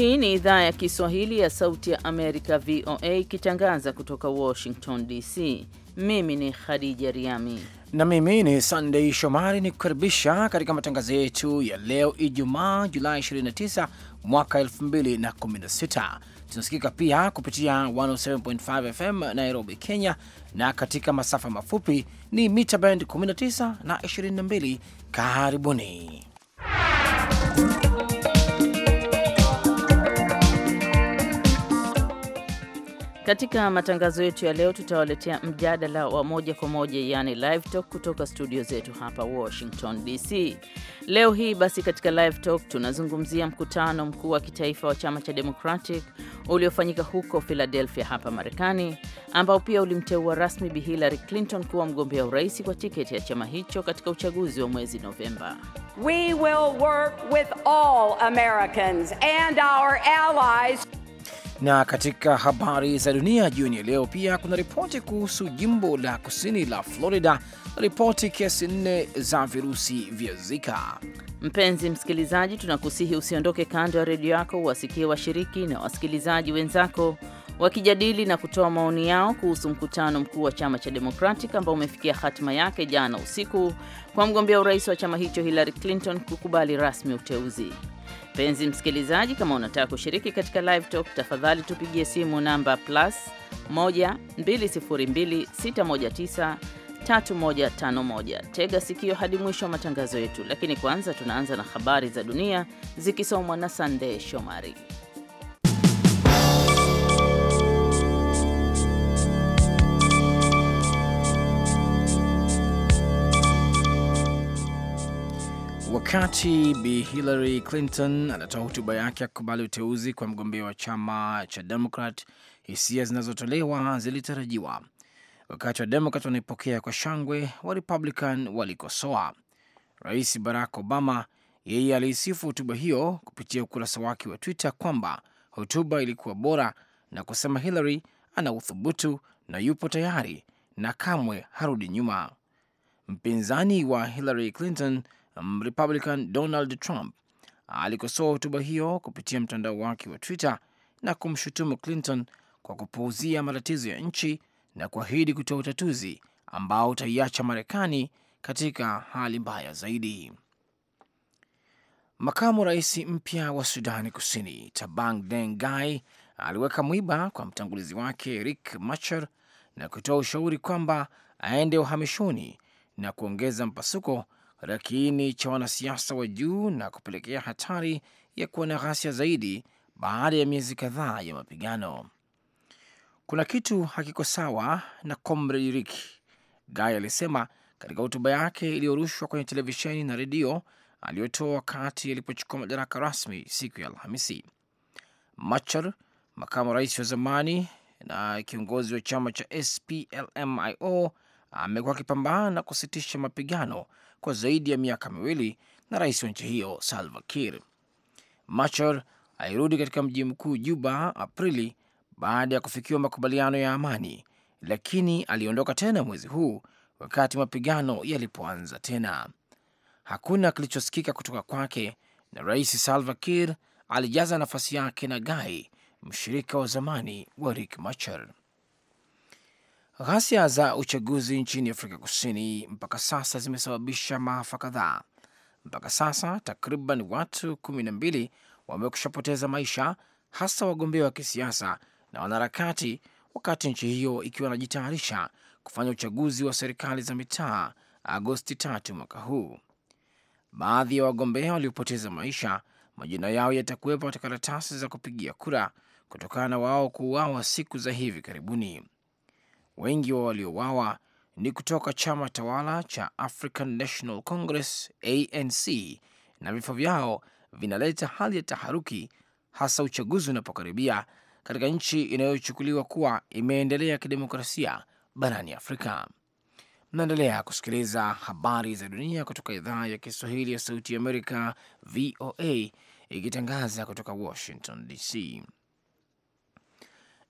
Hii ni idhaa ya Kiswahili ya Sauti ya Amerika, VOA, ikitangaza kutoka Washington DC. Mimi ni Khadija Riami na mimi ni Sandei Shomari, ni kukaribisha katika matangazo yetu ya leo Ijumaa, Julai 29 mwaka 2016. Tunasikika pia kupitia 107.5 FM Nairobi, Kenya, na katika masafa mafupi ni mita band 19 na 22. Karibuni Katika matangazo yetu ya leo tutawaletea mjadala wa moja kwa moja, yani live talk kutoka studio zetu hapa Washington DC. Leo hii basi, katika live talk tunazungumzia mkutano mkuu wa kitaifa wa chama cha Democratic uliofanyika huko Philadelphia hapa Marekani, ambao pia ulimteua rasmi Bi Hillary Clinton kuwa mgombea urais kwa tiketi ya chama hicho katika uchaguzi wa mwezi Novemba. We will work with all Americans and our allies na katika habari za dunia jioni ya leo, pia kuna ripoti kuhusu jimbo la kusini la Florida na ripoti kesi nne za virusi vya Zika. Mpenzi msikilizaji, tunakusihi usiondoke kando ya redio yako, uwasikie washiriki na wasikilizaji wenzako wakijadili na kutoa maoni yao kuhusu mkutano mkuu wa chama cha Democratic ambao umefikia hatima yake jana usiku kwa mgombea urais wa chama hicho Hillary Clinton kukubali rasmi uteuzi. Mpenzi msikilizaji, kama unataka kushiriki katika live talk, tafadhali tupigie simu namba plus 1 Tega sikio hadi mwisho wa matangazo yetu, lakini kwanza tunaanza na habari za dunia zikisomwa na Sandey Shomari. Wakati Bi Hillary Clinton anatoa hotuba yake ya kukubali uteuzi kwa mgombea wa chama cha Demokrat, hisia zinazotolewa zilitarajiwa. Wakati wa Demokrat wanaipokea kwa shangwe, wa Republican walikosoa. Rais Barack Obama yeye aliisifu hotuba hiyo kupitia ukurasa wake wa Twitter kwamba hotuba ilikuwa bora na kusema Hillary ana uthubutu na yupo tayari na kamwe harudi nyuma. Mpinzani wa Hillary Clinton Mrepublican Donald Trump alikosoa hotuba hiyo kupitia mtandao wake wa Twitter na kumshutumu Clinton kwa kupuuzia matatizo ya nchi na kuahidi kutoa utatuzi ambao utaiacha Marekani katika hali mbaya zaidi. Makamu rais mpya wa Sudani Kusini Tabang Deng Gai aliweka mwiba kwa mtangulizi wake Rik Machar na kutoa ushauri kwamba aende uhamishoni na kuongeza mpasuko la kiini cha wanasiasa wa juu na kupelekea hatari ya kuwa na ghasia zaidi baada ya miezi kadhaa ya mapigano. Kuna kitu hakiko sawa na Comrade Rick, Guy alisema katika hotuba yake iliyorushwa kwenye televisheni na redio aliyotoa wakati alipochukua madaraka rasmi siku ya Alhamisi. Machar, makamu rais wa zamani na kiongozi wa chama cha SPLMIO, amekuwa akipambana na kusitisha mapigano kwa zaidi ya miaka miwili na rais wa nchi hiyo Salva Kiir. Machar alirudi katika mji mkuu Juba Aprili baada ya kufikiwa makubaliano ya amani, lakini aliondoka tena mwezi huu wakati mapigano yalipoanza tena. Hakuna kilichosikika kutoka kwake, na rais Salva Kiir alijaza nafasi yake na Gai, mshirika wa zamani wa Riek Machar. Ghasia za uchaguzi nchini Afrika Kusini mpaka sasa zimesababisha maafa kadhaa. Mpaka sasa takriban watu kumi na mbili wamekwisha poteza maisha, hasa wagombea wa kisiasa na wanaharakati, wakati nchi hiyo ikiwa inajitayarisha kufanya uchaguzi wa serikali za mitaa Agosti tatu mwaka huu. Baadhi ya wagombea waliopoteza maisha, majina yao yatakuwepo katika karatasi za kupigia kura kutokana na wao kuuawa siku za hivi karibuni. Wengi wa waliowawa ni kutoka chama tawala cha African National Congress, ANC, na vifo vyao vinaleta hali ya taharuki, hasa uchaguzi unapokaribia katika nchi inayochukuliwa kuwa imeendelea kidemokrasia barani Afrika. Mnaendelea kusikiliza habari za dunia kutoka idhaa ya Kiswahili ya Sauti ya Amerika, VOA, ikitangaza kutoka Washington DC.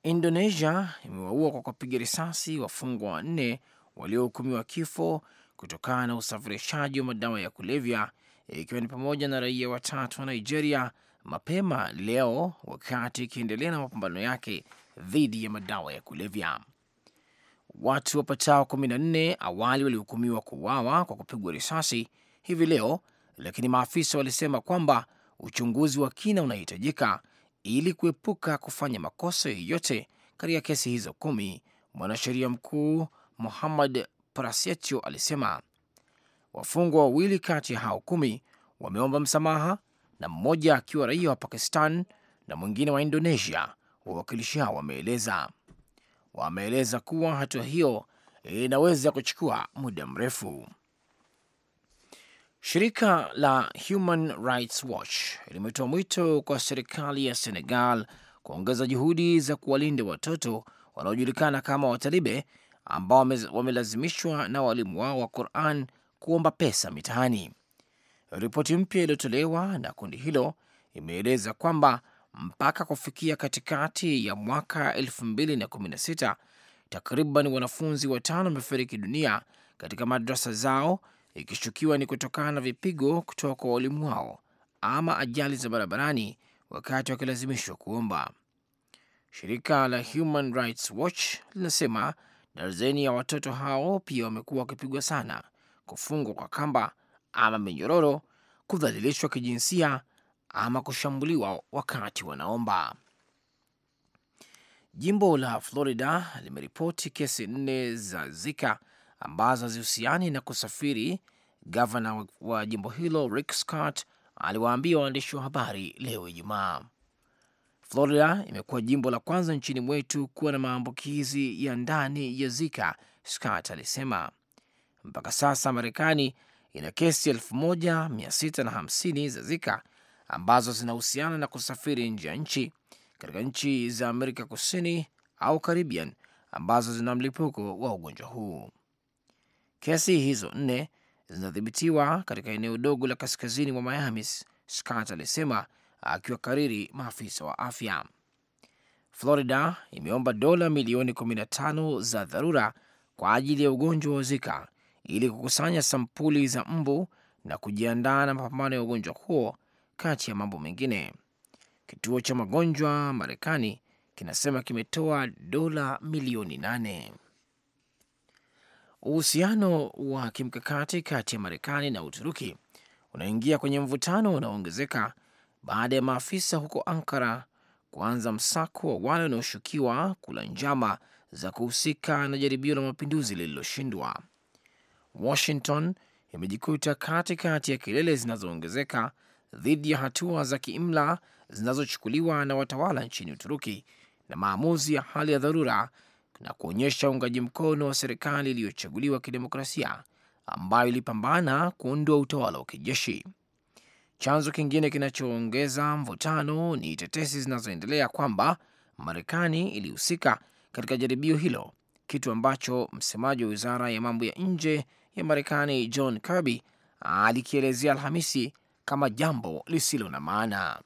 Indonesia imewaua kwa kupiga risasi wafungwa wanne waliohukumiwa kifo kutokana na usafirishaji wa madawa ya kulevya, ikiwa ni pamoja na raia watatu wa Nigeria mapema leo, wakati ikiendelea na mapambano yake dhidi ya madawa ya kulevya. Watu wapatao kumi na nne awali walihukumiwa kuuawa kwa kupigwa risasi hivi leo, lakini maafisa walisema kwamba uchunguzi wa kina unahitajika ili kuepuka kufanya makosa yoyote katika kesi hizo kumi. Mwanasheria mkuu muhammad Prasetio alisema wafungwa wawili kati ya hao kumi wameomba msamaha na mmoja akiwa raia wa Pakistan na mwingine wa Indonesia. Wawakilishi hao wameeleza wameeleza kuwa hatua hiyo inaweza kuchukua muda mrefu. Shirika la Human Rights Watch limetoa mwito kwa serikali ya Senegal kuongeza juhudi za kuwalinda watoto wanaojulikana kama watalibe ambao wamelazimishwa na walimu wao wa Quran kuomba pesa mitaani. Ripoti mpya iliyotolewa na kundi hilo imeeleza kwamba mpaka kufikia katikati ya mwaka 2016 takriban wanafunzi watano wamefariki dunia katika madrasa zao ikishukiwa ni kutokana na vipigo kutoka kwa walimu wao ama ajali za barabarani wakati wakilazimishwa kuomba. Shirika la Human Rights Watch linasema darzeni ya watoto hao pia wamekuwa wakipigwa sana, kufungwa kwa kamba ama minyororo, kudhalilishwa kijinsia ama kushambuliwa wakati wanaomba. Jimbo la Florida limeripoti kesi nne za Zika ambazo hazihusiani na kusafiri. Gavana wa jimbo hilo Rick Scott aliwaambia waandishi wa habari leo Ijumaa, Florida imekuwa jimbo la kwanza nchini mwetu kuwa na maambukizi ya ndani ya Zika, Scott alisema. Mpaka sasa Marekani ina kesi 1650 za Zika ambazo zinahusiana na kusafiri nje ya nchi katika nchi za Amerika Kusini au Caribbean ambazo zina mlipuko wa ugonjwa huu. Kesi hizo nne zinadhibitiwa katika eneo dogo la kaskazini mwa Miami, Scott alisema akiwakariri maafisa wa afya. Florida imeomba dola milioni 15 za dharura kwa ajili ya ugonjwa wa Zika ili kukusanya sampuli za mbu na kujiandaa na mapambano ya ugonjwa huo, kati ya mambo mengine. Kituo cha magonjwa Marekani kinasema kimetoa dola milioni nane. Uhusiano wa kimkakati kati ya Marekani na Uturuki unaingia kwenye mvutano unaoongezeka baada ya maafisa huko Ankara kuanza msako wa wale wanaoshukiwa kula njama za kuhusika na jaribio la mapinduzi lililoshindwa. Washington imejikuta katikati ya kelele zinazoongezeka dhidi ya hatua za kiimla zinazochukuliwa na watawala nchini Uturuki na maamuzi ya hali ya dharura na kuonyesha uungaji mkono wa serikali iliyochaguliwa kidemokrasia ambayo ilipambana kuondoa utawala wa kijeshi. Chanzo kingine kinachoongeza mvutano ni tetesi zinazoendelea kwamba Marekani ilihusika katika jaribio hilo, kitu ambacho msemaji wa wizara ya mambo ya nje ya Marekani John Kirby alikielezea Alhamisi kama jambo lisilo na maana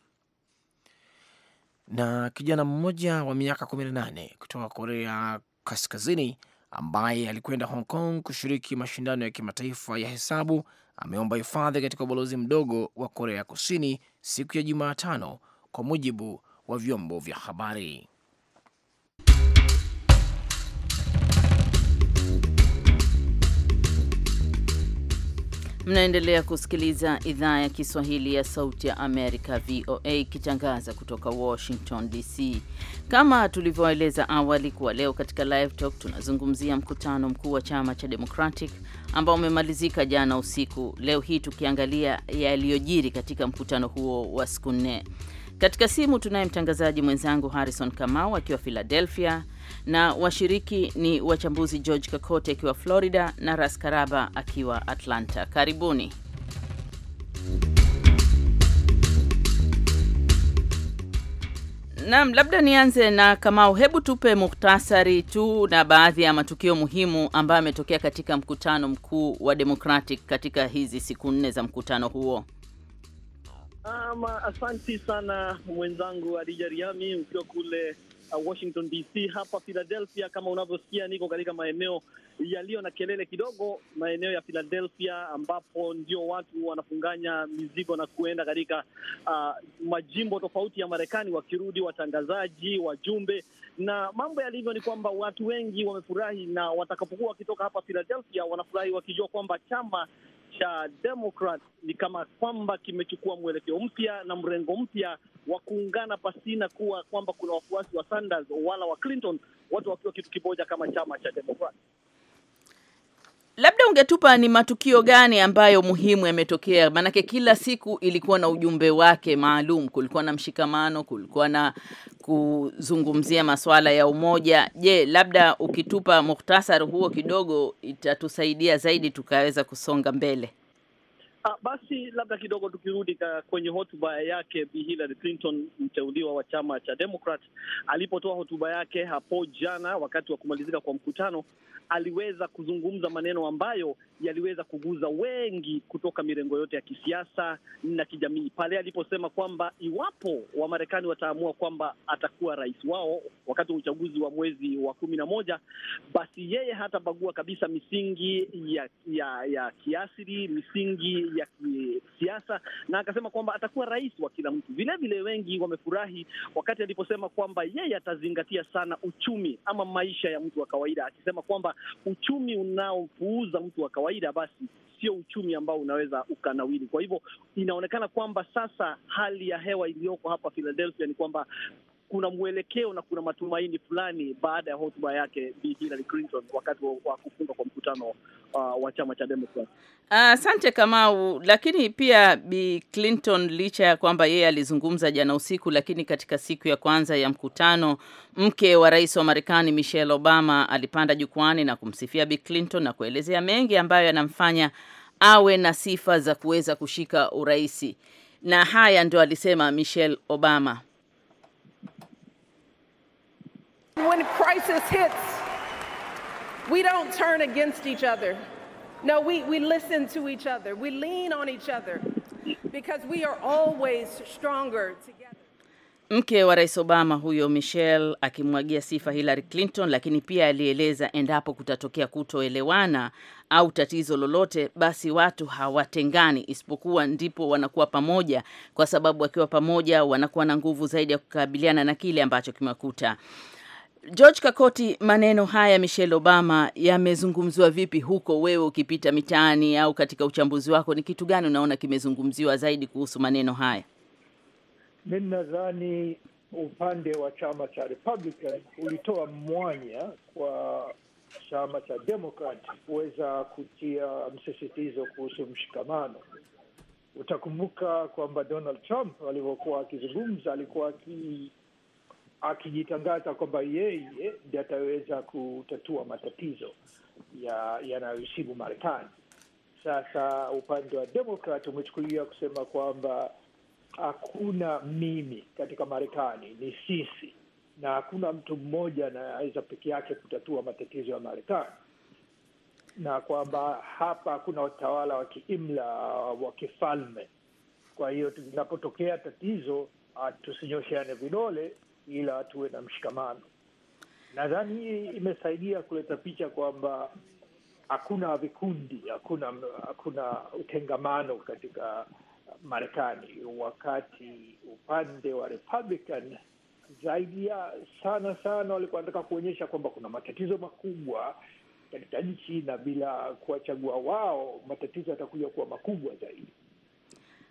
na kijana mmoja wa miaka 18 kutoka Korea Kaskazini ambaye alikwenda Hong Kong kushiriki mashindano ya kimataifa ya hesabu ameomba hifadhi katika ubalozi mdogo wa Korea Kusini siku ya Jumatano, kwa mujibu wa vyombo vya habari. Mnaendelea kusikiliza idhaa ya Kiswahili ya Sauti ya Amerika, VOA, ikitangaza kutoka Washington DC. Kama tulivyoeleza awali kuwa leo katika Live Talk tunazungumzia mkutano mkuu wa chama cha Democratic ambao umemalizika jana usiku, leo hii tukiangalia yaliyojiri katika mkutano huo wa siku nne. Katika simu tunaye mtangazaji mwenzangu Harrison Kamau akiwa Philadelphia na washiriki ni wachambuzi George kakoti akiwa Florida na Raskaraba akiwa Atlanta. Karibuni. Naam, labda nianze na Kamau. Hebu tupe muhtasari tu na baadhi ya matukio muhimu ambayo yametokea katika mkutano mkuu wa Democratic katika hizi siku nne za mkutano huo. Ama, asanti sana mwenzangu Adija Riami ukiwa kule Washington DC. Hapa Philadelphia, kama unavyosikia, niko katika maeneo yaliyo na kelele kidogo, maeneo ya Philadelphia ambapo ndio watu wanafunganya mizigo na kuenda katika uh, majimbo tofauti ya Marekani, wakirudi watangazaji, wajumbe. Na mambo yalivyo ni kwamba watu wengi wamefurahi, na watakapokuwa wakitoka hapa Philadelphia wanafurahi wakijua kwamba chama cha Democrat ni kama kwamba kimechukua mwelekeo mpya na mrengo mpya wa kuungana pasina kuwa kwamba kuna wafuasi wa Sanders wala wa Clinton, watu wakiwa kitu kimoja kama chama cha Democrat. Labda ungetupa ni matukio gani ambayo muhimu yametokea? Maanake kila siku ilikuwa na ujumbe wake maalum, kulikuwa na mshikamano, kulikuwa na kuzungumzia masuala ya umoja. Je, labda ukitupa muhtasari huo kidogo itatusaidia zaidi tukaweza kusonga mbele. Ah, basi labda kidogo tukirudi kwenye hotuba yake Bi Hillary Clinton, mteuliwa wa chama cha Democrat, alipotoa hotuba yake hapo jana wakati wa kumalizika kwa mkutano, aliweza kuzungumza maneno ambayo yaliweza kuguza wengi kutoka mirengo yote ya kisiasa na kijamii, pale aliposema kwamba iwapo Wamarekani wataamua kwamba atakuwa rais wao wakati wa uchaguzi wa mwezi wa kumi na moja, basi yeye hatabagua kabisa misingi ya ya, ya kiasili, misingi ya kisiasa, na akasema kwamba atakuwa rais wa kila mtu. Vilevile wengi wamefurahi wakati aliposema kwamba yeye atazingatia sana uchumi ama maisha ya mtu wa kawaida, akisema kwamba uchumi unaopuuza mtu wa kawaida kawaida, basi sio uchumi ambao unaweza ukanawili. Kwa hivyo inaonekana kwamba sasa hali ya hewa iliyoko hapa Philadelphia ni kwamba kuna mwelekeo na kuna matumaini fulani baada ya hotuba yake Bi Hillary Clinton wakati wa kufunga kwa mkutano uh, wa chama cha Democrat. Asante uh, Kamau. Lakini pia Bi Clinton licha ya kwamba yeye alizungumza jana usiku, lakini katika siku ya kwanza ya mkutano, mke wa rais wa Marekani Michelle Obama alipanda jukwani na kumsifia Bi Clinton na kuelezea mengi ambayo yanamfanya awe na sifa za kuweza kushika uraisi, na haya ndio alisema Michelle Obama. When crisis hits, we don't turn against each other. No, we, we listen to each other. We lean on each other because we are always stronger together. Mke wa Rais Obama huyo Michelle akimwagia sifa Hillary Clinton, lakini pia alieleza endapo kutatokea kutoelewana au tatizo lolote, basi watu hawatengani, isipokuwa ndipo wanakuwa pamoja, kwa sababu wakiwa pamoja wanakuwa na nguvu zaidi ya kukabiliana na kile ambacho kimewakuta. George Kakoti, maneno haya Michelle Obama yamezungumziwa vipi huko? Wewe ukipita mitaani au katika uchambuzi wako, ni kitu gani unaona kimezungumziwa zaidi kuhusu maneno haya? mi nadhani upande wa chama cha Republican ulitoa mwanya kwa chama cha Democrat kuweza kutia msisitizo kuhusu mshikamano. Utakumbuka kwamba Donald Trump alivyokuwa akizungumza alikuwa aki akijitangaza kwamba yeye ndi ataweza kutatua matatizo yanayosibu ya Marekani. Sasa upande wa Demokrat umechukulia kusema kwamba hakuna mimi katika Marekani, ni sisi, na hakuna mtu mmoja anaweza peke yake kutatua matatizo ya Marekani, na kwamba hapa hakuna utawala wa kiimla wa kifalme. Kwa hiyo tunapotokea tatizo tusinyoshane vidole, ila tuwe na mshikamano. Nadhani hii imesaidia kuleta picha kwamba hakuna vikundi, hakuna hakuna utengamano katika Marekani, wakati upande wa Republican zaidi ya sana sana walikuwa wanataka kuonyesha kwamba kuna matatizo makubwa katika nchi na bila kuwachagua wao matatizo yatakuja kuwa makubwa zaidi.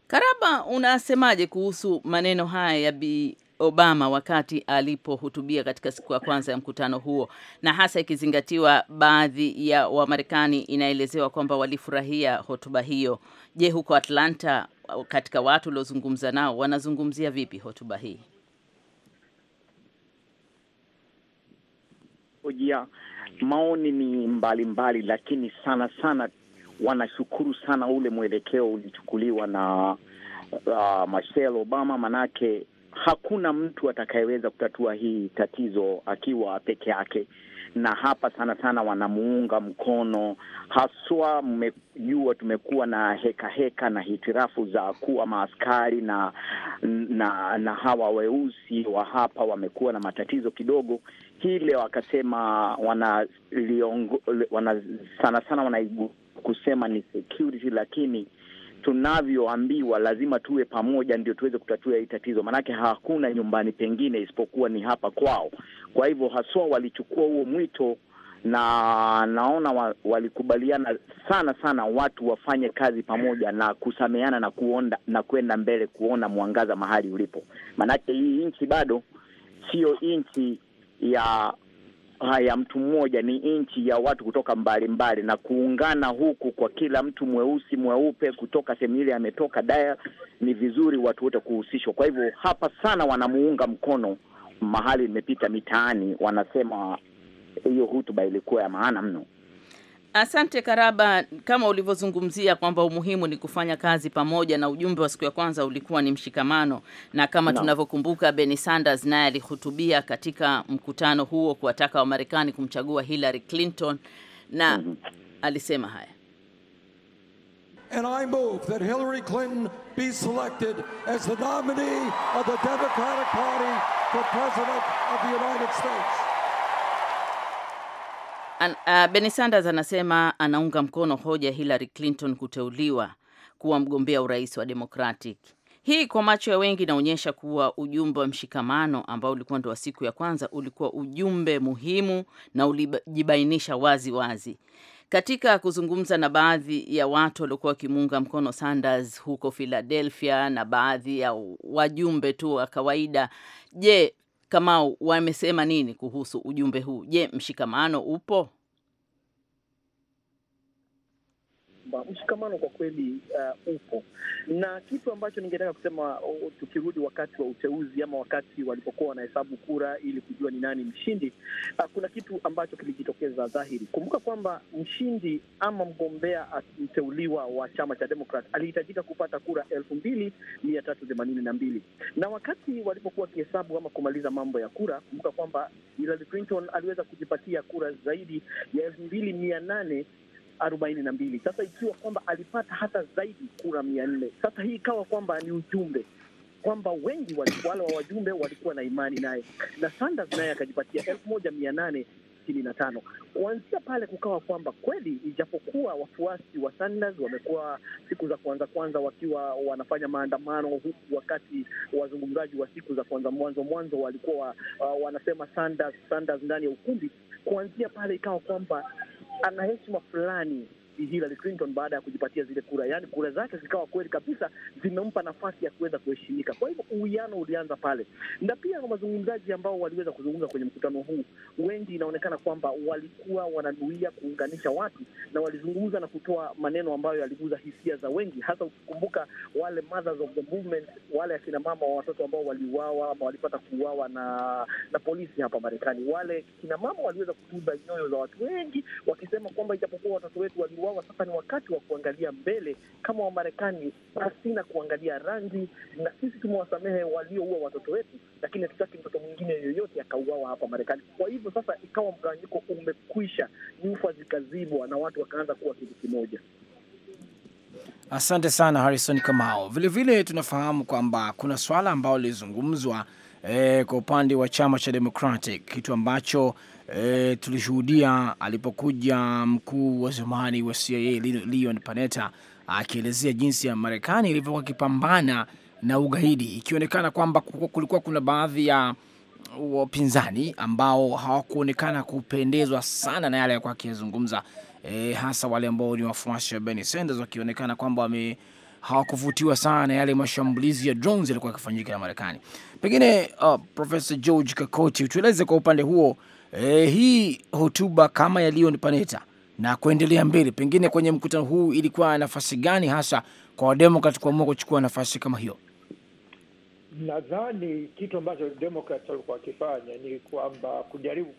Karaba, unasemaje kuhusu maneno haya ya Bi Obama wakati alipohutubia katika siku ya kwanza ya mkutano huo, na hasa ikizingatiwa baadhi ya Wamarekani inaelezewa kwamba walifurahia hotuba hiyo. Je, huko Atlanta, katika watu uliozungumza nao, wanazungumzia vipi hotuba hii? Ujia, maoni ni mbalimbali mbali, lakini sana sana wanashukuru sana ule mwelekeo ulichukuliwa na uh, Michelle Obama manake hakuna mtu atakayeweza kutatua hii tatizo akiwa peke yake, na hapa sana sana wanamuunga mkono haswa. Mmejua tumekuwa na heka heka na hitirafu za kuwa maaskari na, na na hawa weusi wa hapa wamekuwa na matatizo kidogo. Hii leo akasema wana, wana sana sana wanaigu kusema ni security, lakini tunavyoambiwa lazima tuwe pamoja ndio tuweze kutatua hii tatizo, maanake hakuna nyumbani pengine isipokuwa ni hapa kwao. Kwa hivyo haswa walichukua huo mwito na naona wa, walikubaliana sana sana watu wafanye kazi pamoja na kusameana na kuonda na kwenda mbele kuona mwangaza mahali ulipo, maanake hii nchi bado sio nchi ya haya mtu mmoja ni nchi ya watu kutoka mbalimbali mbali, na kuungana huku kwa kila mtu mweusi mweupe kutoka sehemu ile ametoka daya, ni vizuri watu wote kuhusishwa. Kwa hivyo hapa sana wanamuunga mkono, mahali nimepita mitaani wanasema hiyo hutuba ilikuwa ya maana mno. Asante Karaba, kama ulivyozungumzia kwamba umuhimu ni kufanya kazi pamoja, na ujumbe wa siku ya kwanza ulikuwa ni mshikamano, na kama no. tunavyokumbuka Bernie Sanders naye alihutubia katika mkutano huo kuwataka Wamarekani kumchagua Hillary Clinton na mm -hmm. alisema haya And I move that Hillary Clinton be selected as the nominee of the Democratic Party for President of the United States. An, uh, Bernie Sanders anasema anaunga mkono hoja Hillary Clinton kuteuliwa kuwa mgombea urais wa Democratic. Hii kwa macho ya wengi inaonyesha kuwa ujumbe wa mshikamano ambao ulikuwa ndo wa siku ya kwanza ulikuwa ujumbe muhimu na ulijibainisha wazi wazi. Katika kuzungumza na baadhi ya watu waliokuwa wakimuunga mkono Sanders huko Philadelphia na baadhi ya wajumbe tu wa kawaida, je, Kamau, wamesema nini kuhusu ujumbe huu? Je, mshikamano upo? kwamba mshikamano kwa kweli uh, upo, na kitu ambacho ningetaka kusema uh, tukirudi wakati wa uteuzi ama wakati walipokuwa wanahesabu kura ili kujua ni nani mshindi uh, kuna kitu ambacho kilijitokeza dhahiri. Kumbuka kwamba mshindi ama mgombea mteuliwa wa chama cha Demokrat alihitajika kupata kura elfu mbili mia tatu themanini na mbili na wakati walipokuwa wakihesabu ama kumaliza mambo ya kura, kumbuka kwamba Hillary Clinton aliweza kujipatia kura zaidi ya elfu mbili mia nane arobaini na mbili. Sasa ikiwa kwamba alipata hata zaidi kura mia nne, sasa hii ikawa kwamba ni ujumbe kwamba wengi wale wa wajumbe walikuwa na imani naye na Sanders naye akajipatia elfu moja mia nane sitini na tano. Kuanzia pale kukawa kwamba kweli, ijapokuwa wafuasi wa Sanders wamekuwa siku za kwanza kwanza wakiwa wanafanya maandamano, huku wakati wazungumzaji wa siku za kwanza mwanzo mwanzo walikuwa uh, wanasema Sanders, Sanders ndani ya ukumbi. Kuanzia pale ikawa kwamba ana heshima fulani Hillary Clinton baada ya kujipatia zile kura, yaani kura zake zikawa kweli kabisa zimempa nafasi ya kuweza kuheshimika. Kwa hivyo uwiano ulianza pale, na pia wazungumzaji ambao waliweza kuzungumza kwenye mkutano huu, wengi inaonekana kwamba walikuwa wananuia kuunganisha watu na walizungumza na kutoa maneno ambayo yaliguza hisia za wengi, hasa ukikumbuka wale mothers of the movement, wale akina mama wa watoto ambao waliuawa ama walipata kuuawa na na polisi hapa Marekani. Wale kina mama waliweza kutuba nyoyo za watu wengi, wakisema kwamba ijapokuwa watoto wetu wali kuuawa. Sasa ni wakati wa kuangalia mbele kama Wamarekani, basi na kuangalia rangi. Na sisi tumewasamehe walioua watoto wetu, lakini hatutaki mtoto mwingine yoyote akauawa hapa Marekani. Kwa hivyo sasa ikawa mgawanyiko umekwisha, nyufa zikazibwa na watu wakaanza kuwa kitu kimoja. Asante sana Harrison Kamao. Vilevile tunafahamu kwamba kuna swala ambalo lilizungumzwa eh, kwa upande wa chama cha Democratic, kitu ambacho e, tulishuhudia alipokuja mkuu wa zamani wa CIA Leon Panetta akielezea jinsi ya Marekani ilivyokuwa ikipambana na ugaidi, ikionekana kwamba kulikuwa kuna baadhi ya wapinzani ambao hawakuonekana kupendezwa sana na yale alikuwa akiyazungumza, e, hasa wale ambao ni wafuasi wa Bernie Sanders wakionekana kwamba wame hawakuvutiwa sana na yale mashambulizi ya drones yalikuwa yakifanyika na Marekani. Pengine uh, Profesa George Kakoti, utueleze kwa upande huo e, hii hotuba kama yaliyonipaneta na kuendelea mbele, pengine kwenye mkutano huu ilikuwa nafasi gani hasa kwa wademokrat kuamua kuchukua nafasi kama hiyo? Nadhani kitu ambacho demokrat walikuwa wakifanya ni kwamba kujaribu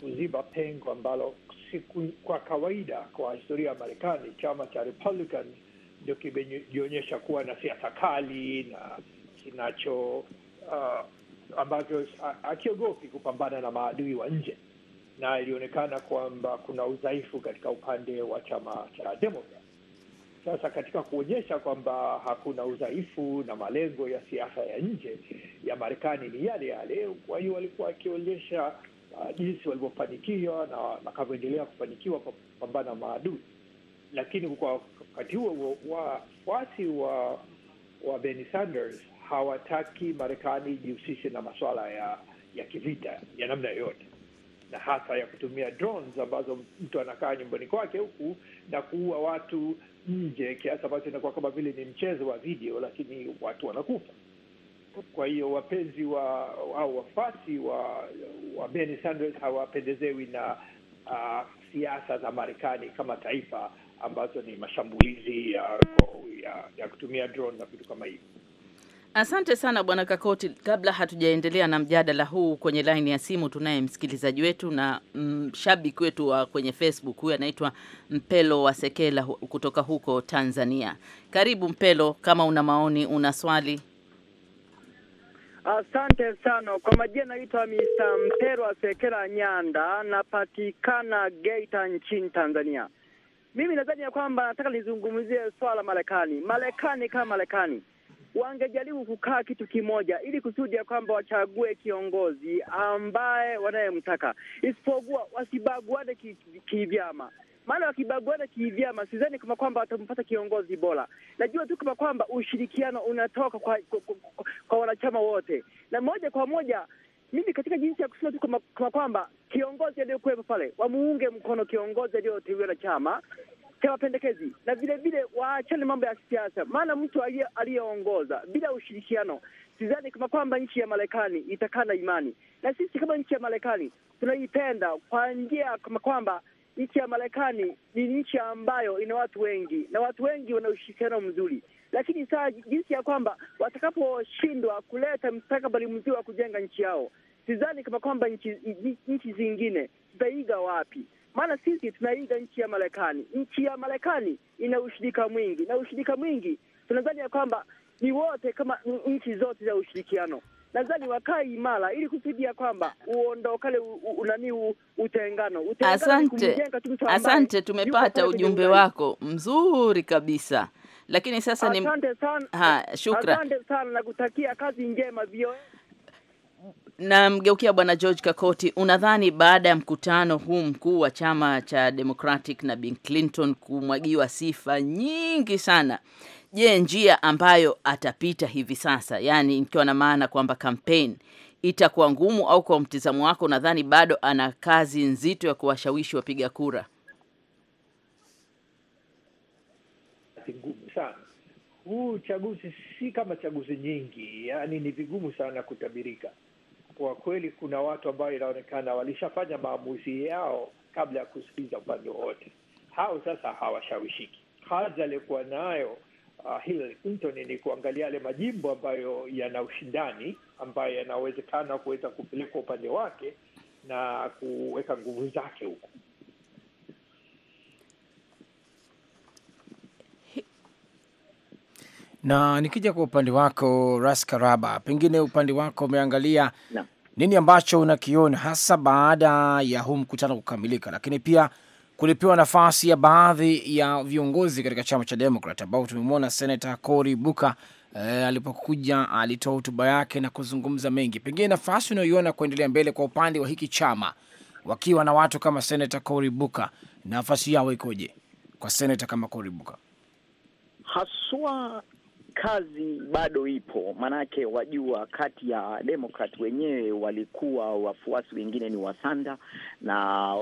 kuziba pengo ambalo siku, kwa kawaida kwa historia ya Marekani, chama cha Republican ndio kimejionyesha kuwa na siasa kali na kinacho uh, ambacho akiogopi kupambana na maadui wa nje na ilionekana kwamba kuna udhaifu katika upande wa chama cha Democrat. Sasa katika kuonyesha kwamba hakuna udhaifu na malengo ya siasa ya nje ya Marekani ni yale yale, kwa hiyo walikuwa wakionyesha uh, jinsi walivyofanikiwa na wakavyoendelea kufanikiwa kupambana maadui. Lakini kwa wakati huo wafuasi wa wa Bernie Sanders hawataki Marekani jihusishe na masuala ya ya kivita ya namna yoyote na hasa ya kutumia drones ambazo mtu anakaa nyumbani kwake huku na kuua watu nje, kiasi ambacho inakuwa kama vile ni mchezo wa video, lakini watu wanakufa. Kwa hiyo wapenzi wa au wafasi wa, wa Bernie Sanders hawapendezewi na uh, siasa za Marekani kama taifa ambazo ni mashambulizi ya, ya, ya kutumia drone na vitu kama hivyo. Asante sana bwana Kakoti. Kabla hatujaendelea na mjadala huu, kwenye laini ya simu tunaye msikilizaji wetu na mshabiki mm, wetu wa kwenye Facebook. Huyu anaitwa Mpelo wa Sekela kutoka huko Tanzania. Karibu Mpelo, kama una maoni, una swali. Asante sana kwa majina, naitwa Mr. Mpelo wa Sekela Nyanda, napatikana Geita nchini Tanzania. Mimi nadhani ya kwamba nataka nizungumzie swala Marekani. Marekani kama Marekani wangejaribu kukaa kitu kimoja, ili kusudi ya kwamba wachague kiongozi ambaye wanayemtaka, isipokuwa wasibaguane kivyama ki, ki maana wakibaguana kivyama, sidhani kama kwamba watampata kiongozi bora. Najua tu kama kwamba ushirikiano unatoka kwa, kwa, kwa, kwa wanachama wote na moja kwa moja mimi katika jinsi ya kusema tu kama kwamba kiongozi aliyokuwepo pale wamuunge mkono kiongozi aliyoteuliwa na chama, tewapendekezi na vilevile waachane mambo ya siasa, maana mtu aliyeongoza bila ushirikiano, sidhani kama kwamba nchi ya Marekani itakaa na imani. Na sisi kama nchi ya Marekani tunaipenda kwa njia kama kwamba nchi ya Marekani ni nchi ambayo ina watu wengi na watu wengi wana ushirikiano mzuri, lakini saa jinsi ya kwamba watakaposhindwa kuleta mstakabali mzuri wa kujenga nchi yao, sidhani kama kwamba nchi, nchi zingine zitaiga wapi? maana sisi tunaiga nchi ya Marekani. Nchi ya Marekani ina ushirika mwingi, na ushirika mwingi tunadhani ya kwamba ni wote kama nchi zote za ushirikiano. Nadhani wakae imara ili kufidia kwamba uondokale unani utengano. Utengano asante, asante. Tumepata ujumbe wako mzuri kabisa, lakini sasa ni... asante sana, ha, shukrani. Asante sana na kutakia kazi njema vio namgeukia bwana George Kakoti, unadhani baada ya mkutano huu mkuu wa chama cha Democratic na Bill Clinton kumwagiwa sifa nyingi sana, je, njia ambayo atapita hivi sasa, yaani ikiwa na maana kwamba kampen itakuwa ngumu, au kwa mtizamo wako unadhani bado ana kazi nzito ya kuwashawishi wapiga kura? Ngumu sana huu uchaguzi, si kama chaguzi nyingi, yaani ni vigumu sana kutabirika kwa kweli kuna watu ambao inaonekana walishafanya maamuzi yao kabla ya kusikiliza upande wowote. Hao sasa hawashawishiki. Haja aliyokuwa nayo uh, Hillary Clinton ni kuangalia yale majimbo ambayo yana ushindani, ambayo yanawezekana kuweza kupelekwa upande wake na kuweka nguvu zake huko. Na nikija kwa upande wako Ras Karaba, pengine upande wako umeangalia nini ambacho unakiona hasa baada ya huu mkutano kukamilika, lakini pia kulipewa nafasi ya baadhi ya viongozi katika chama cha Demokrat ambao tumemwona Senata Cory Booker eh, alipokuja alitoa hotuba yake na kuzungumza mengi. Pengine nafasi unayoiona kuendelea mbele kwa upande wa hiki chama wakiwa na watu kama Senata Cory Booker, nafasi yao ikoje kwa senata kama Cory Booker? Haswa kazi bado ipo, maanake wajua, kati ya Demokrat wenyewe walikuwa wafuasi wengine ni Wasanda na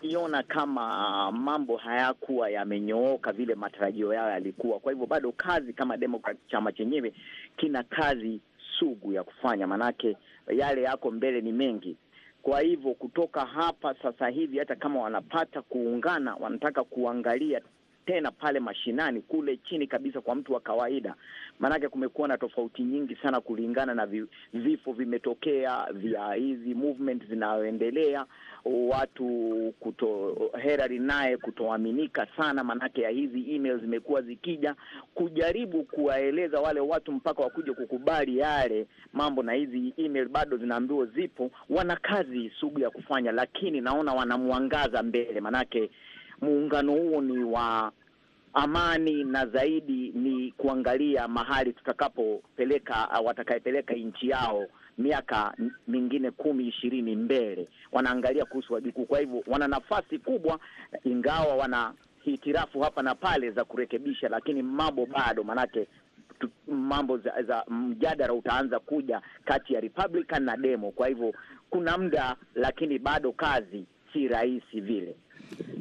iona kama mambo hayakuwa yamenyooka vile matarajio yao yalikuwa. Kwa hivyo bado kazi kama Demokrat, chama chenyewe kina kazi sugu ya kufanya, maanake yale yako mbele ni mengi. Kwa hivyo kutoka hapa sasa hivi, hata kama wanapata kuungana, wanataka kuangalia tena pale mashinani kule chini kabisa kwa mtu wa kawaida. Maanake kumekuwa na tofauti nyingi sana kulingana na vifo vimetokea vya hizi movement zinayoendelea, watu kuto herari naye kutoaminika sana, maanake ya hizi email zimekuwa zikija kujaribu kuwaeleza wale watu mpaka wakuja kukubali yale mambo, na hizi email bado zinaambiwa zipo. Wana kazi sugu ya kufanya, lakini naona wanamwangaza mbele, maanake muungano huo ni wa amani na zaidi ni kuangalia mahali tutakapopeleka uh, watakayepeleka nchi yao miaka mingine kumi ishirini mbele. Wanaangalia kuhusu wajukuu, kwa hivyo wana nafasi kubwa, ingawa wana hitirafu hapa na pale za kurekebisha, lakini mambo bado maanake mambo za, za mjadala utaanza kuja kati ya Republican na Demo. Kwa hivyo kuna muda, lakini bado kazi si rahisi vile.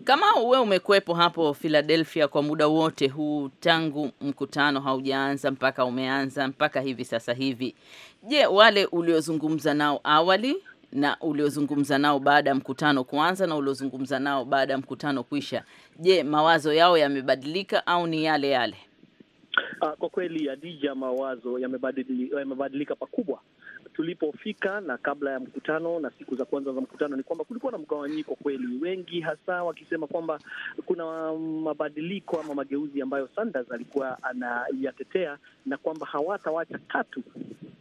Kama we umekuwepo hapo Philadelphia kwa muda wote huu tangu mkutano haujaanza mpaka umeanza mpaka hivi sasa hivi, je, wale uliozungumza nao awali na uliozungumza nao baada ya mkutano kuanza na uliozungumza nao baada ya mkutano kuisha, je, mawazo yao yamebadilika au ni yale yale? Ah, kwa kweli Adija, mawazo yamebadilika, yamebadilika pakubwa tulipofika na kabla ya mkutano na siku za kwanza za mkutano ni kwamba kulikuwa na mgawanyiko kweli, wengi hasa wakisema kwamba kuna mabadiliko ama mageuzi ambayo Sanders alikuwa anayatetea na kwamba hawatawacha katu,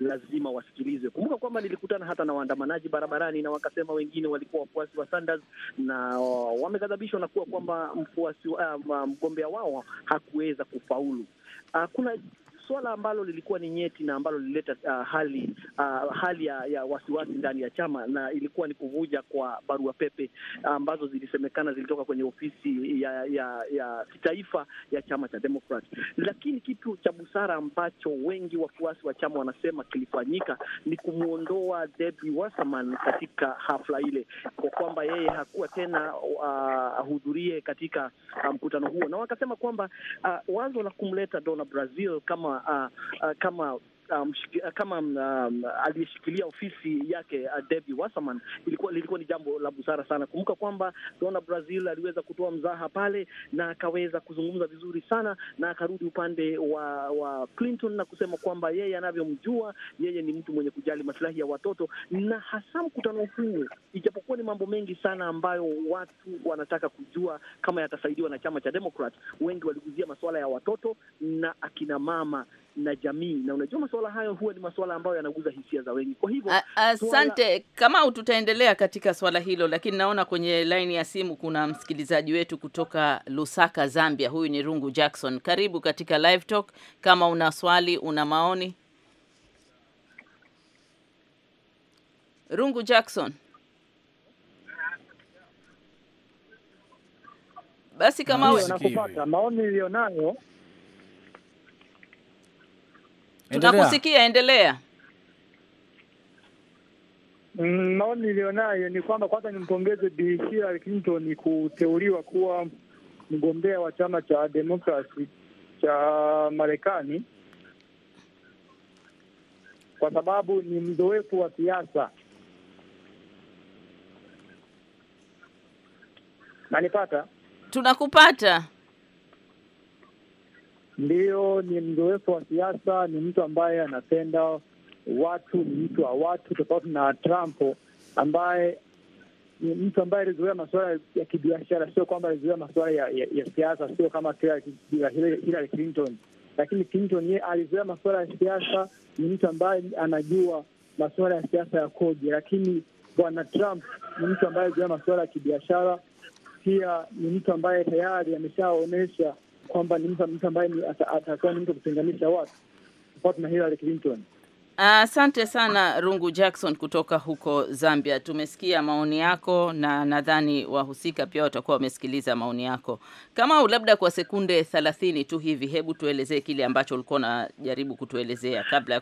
lazima wasikilizwe. Kumbuka kwamba nilikutana hata na waandamanaji barabarani, na wakasema wengine walikuwa wafuasi wa Sanders na wameghadhabishwa na kuwa kwamba mfuasi uh, mgombea wao hakuweza kufaulu. Uh, kuna swala ambalo lilikuwa ni nyeti na ambalo lilileta uh, hali uh, hali ya, ya wasiwasi ndani ya chama na ilikuwa ni kuvuja kwa barua pepe ambazo zilisemekana zilitoka kwenye ofisi ya ya ya kitaifa ya chama cha Democrat. Lakini kitu cha busara ambacho wengi wafuasi wa chama wanasema kilifanyika ni kumwondoa Debbie Wasserman katika hafla ile, kwa kwamba yeye hakuwa tena uh, ahudhurie uh, katika mkutano um, huo, na wakasema kwamba uh, wazo la kumleta Donna Brazile kama uh, uh, come out. Um, uh, kama um, um aliyeshikilia ofisi yake uh, Debbie Wasserman, ilikuwa lilikuwa ni jambo la busara sana. Kumbuka kwamba tunaona Brazil aliweza kutoa mzaha pale na akaweza kuzungumza vizuri sana na akarudi upande wa, wa Clinton na kusema kwamba yeye anavyomjua yeye ni mtu mwenye kujali masilahi ya watoto, na hasa mkutano huu, ijapokuwa ni mambo mengi sana ambayo watu wanataka kujua kama yatasaidiwa na chama cha Democrat, wengi waliguzia masuala ya watoto na akina mama na jamii, na unajua masuala hayo huwa ni masuala ambayo yanaguza hisia za wengi. Kwa hivyo asante swala... Kamau, tutaendelea katika swala hilo, lakini naona kwenye laini ya simu kuna msikilizaji wetu kutoka Lusaka, Zambia. Huyu ni Rungu Jackson. Karibu katika Live Talk. Kama una swali, una maoni. Rungu Jackson, basi Kamau, nakupata maoni iliyonayo Tunakusikia, endelea. Mm, maoni nilionayo ni kwamba kwanza nimpongeze Bi Hillary Clinton kuteuliwa kuwa mgombea wa chama cha demokrasi cha Marekani kwa sababu ni mzoefu wa siasa. Nanipata? Tunakupata ndiyo ni mzoefu wa siasa, ni mtu ambaye anapenda watu, ni mtu wa watu, tofauti na Trump ambaye ni mtu ambaye alizoea masuala ya kibiashara, sio kwamba alizoea masuala ya, ya, ya siasa, sio kama Hillary Clinton. Lakini Clinton yeye alizoea masuala ya siasa, ni mtu ambaye anajua masuala ya siasa yakoje. Lakini bwana Trump ni mtu ambaye alizoea masuala ya kibiashara, pia ni mtu ambaye tayari ameshaonyesha kwamba ni mtu ambaye atakuwa ni mtu kutenganisha watu tofauti na Hillary Clinton. Asante sana Rungu Jackson kutoka huko Zambia. Tumesikia maoni yako na nadhani wahusika pia watakuwa wamesikiliza maoni yako. Kama labda kwa sekunde thelathini tu hivi, hebu tuelezee kile ambacho ulikuwa unajaribu kutuelezea kabla ya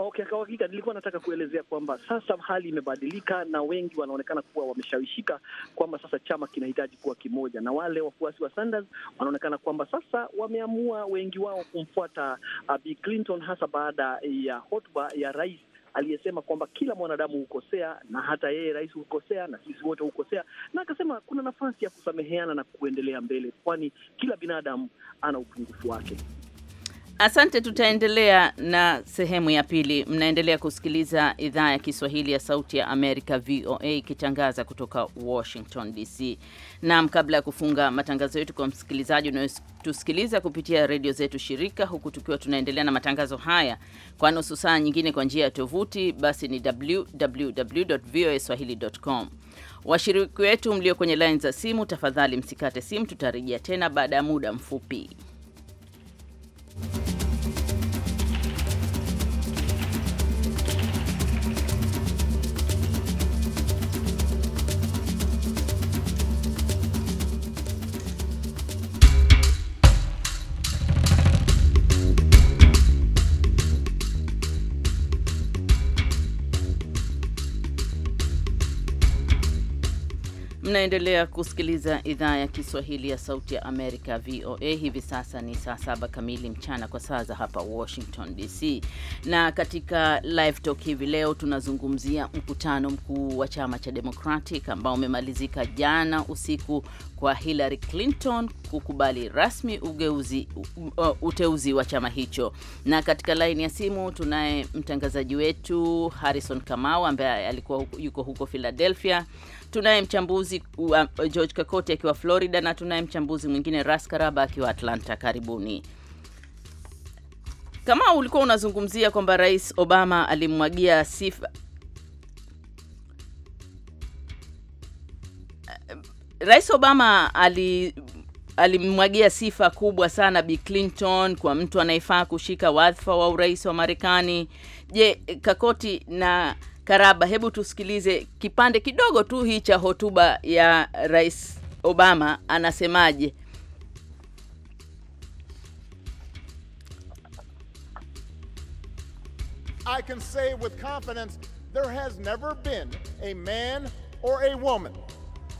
Oh, okay, kwa hakika nilikuwa nataka kuelezea kwamba sasa hali imebadilika na wengi wanaonekana kuwa wameshawishika kwamba sasa chama kinahitaji kuwa kimoja, na wale wafuasi wa Sanders wanaonekana kwamba sasa wameamua wengi wao kumfuata uh, Bi Clinton, hasa baada ya hotuba ya rais aliyesema kwamba kila mwanadamu hukosea na hata yeye rais hukosea na sisi wote hukosea, na akasema kuna nafasi ya kusameheana na kuendelea mbele, kwani kila binadamu ana upungufu wake. Asante, tutaendelea na sehemu ya pili. Mnaendelea kusikiliza idhaa ya Kiswahili ya Sauti ya Amerika, VOA, ikitangaza kutoka Washington DC. Naam, kabla ya kufunga matangazo yetu, kwa msikilizaji unayotusikiliza kupitia redio zetu shirika, huku tukiwa tunaendelea na matangazo haya kwa nusu saa nyingine kwa njia ya tovuti, basi ni www.voaswahili.com. Washiriki wetu mlio kwenye laini za simu, tafadhali msikate simu, tutarejea tena baada ya muda mfupi. Mnaendelea kusikiliza idhaa ya Kiswahili ya Sauti ya Amerika, VOA. Hivi sasa ni saa saba kamili mchana kwa saa za hapa Washington DC, na katika live talk hivi leo tunazungumzia mkutano mkuu wa chama cha Democratic ambao umemalizika jana usiku kwa Hillary Clinton kukubali rasmi ugeuzi, uh, uteuzi wa chama hicho. Na katika laini ya simu tunaye mtangazaji wetu Harrison Kamau ambaye alikuwa yuko huko Philadelphia Tunaye mchambuzi wa uh, George Kakoti akiwa Florida na tunaye mchambuzi mwingine Raskaraba akiwa Atlanta. Karibuni. Kama ulikuwa unazungumzia kwamba Rais Obama alimwagia sifa Rais Obama ali alimwagia sifa kubwa sana Bi Clinton kwa mtu anayefaa kushika wadhifa wa urais wa Marekani. Je, Kakoti, na Karaba, hebu tusikilize kipande kidogo tu hii cha hotuba ya Rais Obama, anasemaje? I can say with confidence there has never been a man or a woman,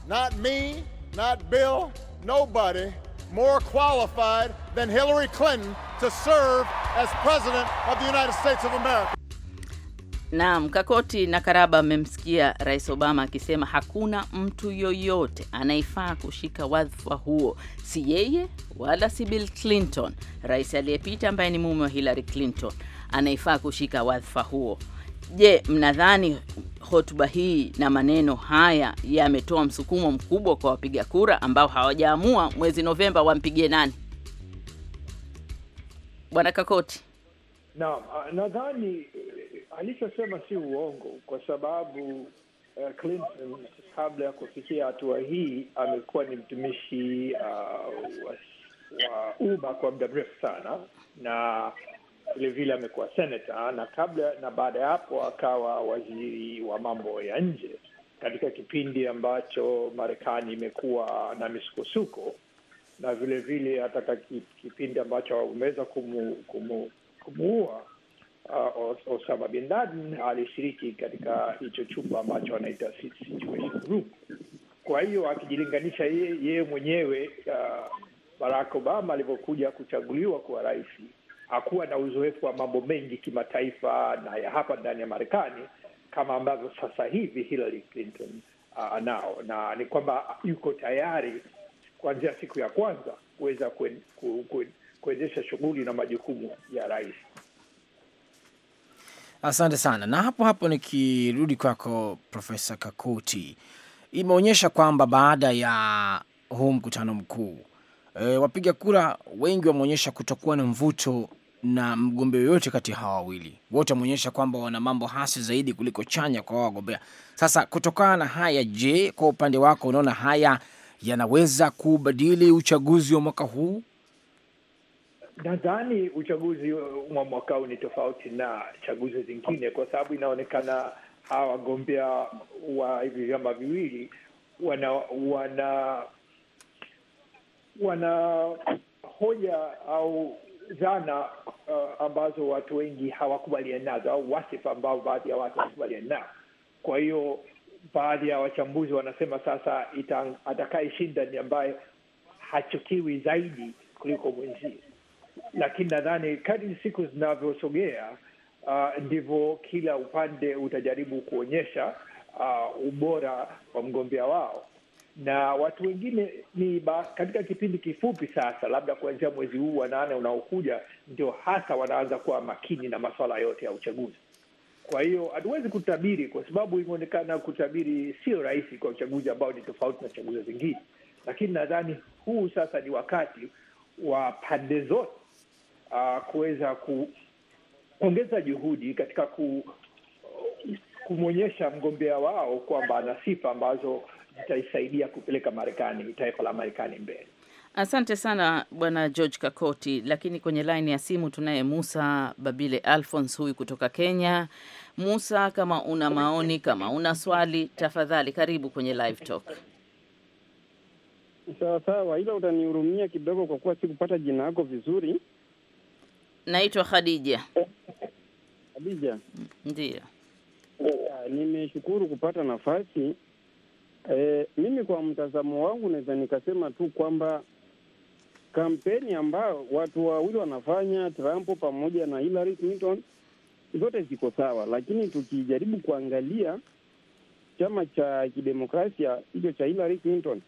not me, not Bill, nobody more qualified than Hillary Clinton to serve as President of the United States of America. Naam, Kakoti na Karaba, amemsikia Rais Obama akisema hakuna mtu yoyote anayefaa kushika wadhifa huo, si yeye wala si Bill Clinton, rais aliyepita ambaye ni mume wa Hillary Clinton, anayefaa kushika wadhifa huo. Je, mnadhani hotuba hii na maneno haya yametoa msukumo mkubwa kwa wapiga kura ambao hawajaamua mwezi Novemba wampigie nani? Bwana Kakoti. Naam, ah, nadhani alichosema si uongo, kwa sababu uh, Clinton kabla ya kufikia hatua hii amekuwa ni mtumishi uh, wa, wa umma kwa muda mrefu sana, na vilevile amekuwa senata na kabla na baada ya hapo akawa waziri wa mambo ya nje katika kipindi ambacho Marekani imekuwa na misukosuko na vilevile hata kipindi ambacho kumuua kumu, kumu, kumuua uh, Osama bin Laden alishiriki katika hicho chumba ambacho anaita Situation group. Kwa hiyo akijilinganisha yeye mwenyewe uh, Barack Obama alivyokuja kuchaguliwa kuwa rais hakuwa na uzoefu wa mambo mengi kimataifa na ya hapa ndani ya Marekani kama ambavyo sasa hivi Hillary Clinton uh, anao, uh, na ni kwamba yuko tayari kuanzia siku ya kwanza kuweza kuendesha kwen, kwen, shughuli na majukumu ya rais. Asante sana. Na hapo hapo nikirudi kwako Profesa Kakuti, imeonyesha kwamba baada ya huu mkutano mkuu e, wapiga kura wengi wameonyesha kutokuwa na mvuto na mgombea yoyote kati ya hawa wawili wote wameonyesha kwamba wana mambo hasi zaidi kuliko chanya kwa wagombea. Sasa kutokana na haya, je, kwa upande wako unaona haya yanaweza kubadili uchaguzi wa mwaka huu Nadhani uchaguzi uh, wa mwaka huu ni tofauti na chaguzi zingine, kwa sababu inaonekana hawa wagombea wa hivi vyama viwili wana wana wana hoja au dhana uh, ambazo watu wengi hawakubaliani nazo au wasifa ambao baadhi ya watu hawakubaliani nao. Kwa hiyo baadhi ya wachambuzi wanasema sasa, atakaye ni ambaye hachukiwi zaidi kuliko mwenzie lakini nadhani kadri siku zinavyosogea uh, ndivyo kila upande utajaribu kuonyesha uh, ubora wa mgombea wao na watu wengine ni ba, katika kipindi kifupi sasa, labda kuanzia mwezi huu wa nane unaokuja, ndio hasa wanaanza kuwa makini na maswala yote ya uchaguzi. Kwa hiyo hatuwezi kutabiri, kwa sababu imeonekana kutabiri sio rahisi kwa uchaguzi ambao ni tofauti na chaguzi zingine, lakini nadhani huu sasa ni wakati wa pande zote uh, kuweza kuongeza juhudi katika ku, kumwonyesha mgombea wao kwamba ana sifa ambazo zitaisaidia kupeleka Marekani, taifa la Marekani mbele. Asante sana Bwana George Kakoti. Lakini kwenye laini ya simu tunaye Musa Babile Alphons, huyu kutoka Kenya. Musa, kama una maoni, kama una swali, tafadhali karibu kwenye live talk. Sawa sawa, ila utanihurumia kidogo kwa kuwa sikupata jina yako vizuri. Naitwa Khadija. Khadija, ndiyo. Eh, nimeshukuru kupata nafasi. E, mimi kwa mtazamo wangu naweza nikasema tu kwamba kampeni ambayo watu wawili wanafanya Trump pamoja na Hillary Clinton zote ziko sawa, lakini tukijaribu kuangalia chama cha kidemokrasia hicho cha Hillary Clinton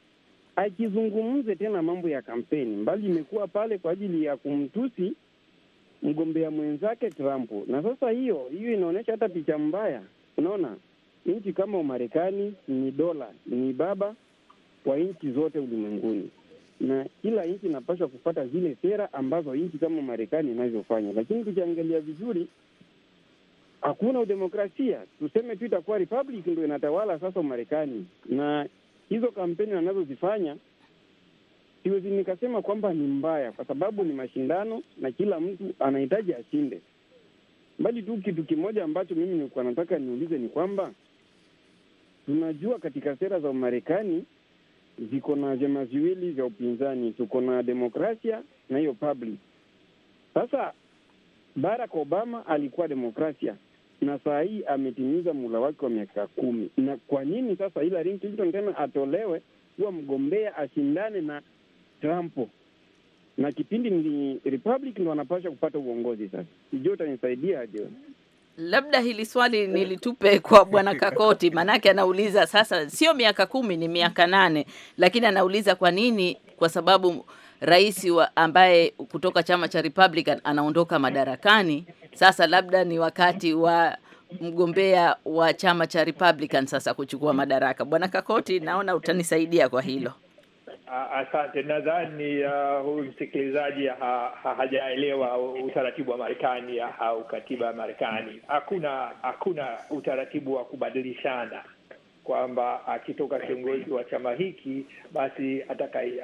akizungumze tena mambo ya kampeni, mbali imekuwa pale kwa ajili ya kumtusi mgombea mwenzake Trump. Na sasa hiyo hiyo inaonyesha hata picha mbaya. Unaona, nchi kama Umarekani ni dola, ni baba kwa nchi zote ulimwenguni, na kila nchi inapaswa kupata zile sera ambazo nchi kama Marekani inavyofanya, lakini tukiangalia vizuri hakuna udemokrasia. Tuseme tu itakuwa republic ndo inatawala sasa Marekani, na hizo kampeni wanazozifanya siwezi nikasema kwamba ni mbaya, kwa sababu ni mashindano na kila mtu anahitaji ashinde. Mbali tu kitu kimoja ambacho mimi nilikuwa nataka niulize ni kwamba tunajua katika sera za Umarekani ziko na vyama viwili vya upinzani, tuko na demokrasia na hiyo public. Sasa Barack Obama alikuwa demokrasia na saa hii ametimiza muhula wake wa miaka kumi, na kwa nini sasa Hillary Clinton tena atolewe kuwa mgombea ashindane na Trump na kipindi ni Republic ndo wanapasha kupata uongozi. Sasa sijui utanisaidia aje? Labda hili swali nilitupe kwa bwana Kakoti, maanake anauliza sasa, sio miaka kumi, ni miaka nane, lakini anauliza kwa nini, kwa sababu rais wa ambaye kutoka chama cha Republican anaondoka madarakani sasa, labda ni wakati wa mgombea wa chama cha Republican sasa kuchukua madaraka. Bwana Kakoti, naona utanisaidia kwa hilo. Asante. Nadhani huyu uh, msikilizaji ha, ha, hajaelewa utaratibu wa Marekani au katiba ya Marekani. Hakuna hakuna utaratibu wa kubadilishana kwamba akitoka kiongozi wa chama hiki basi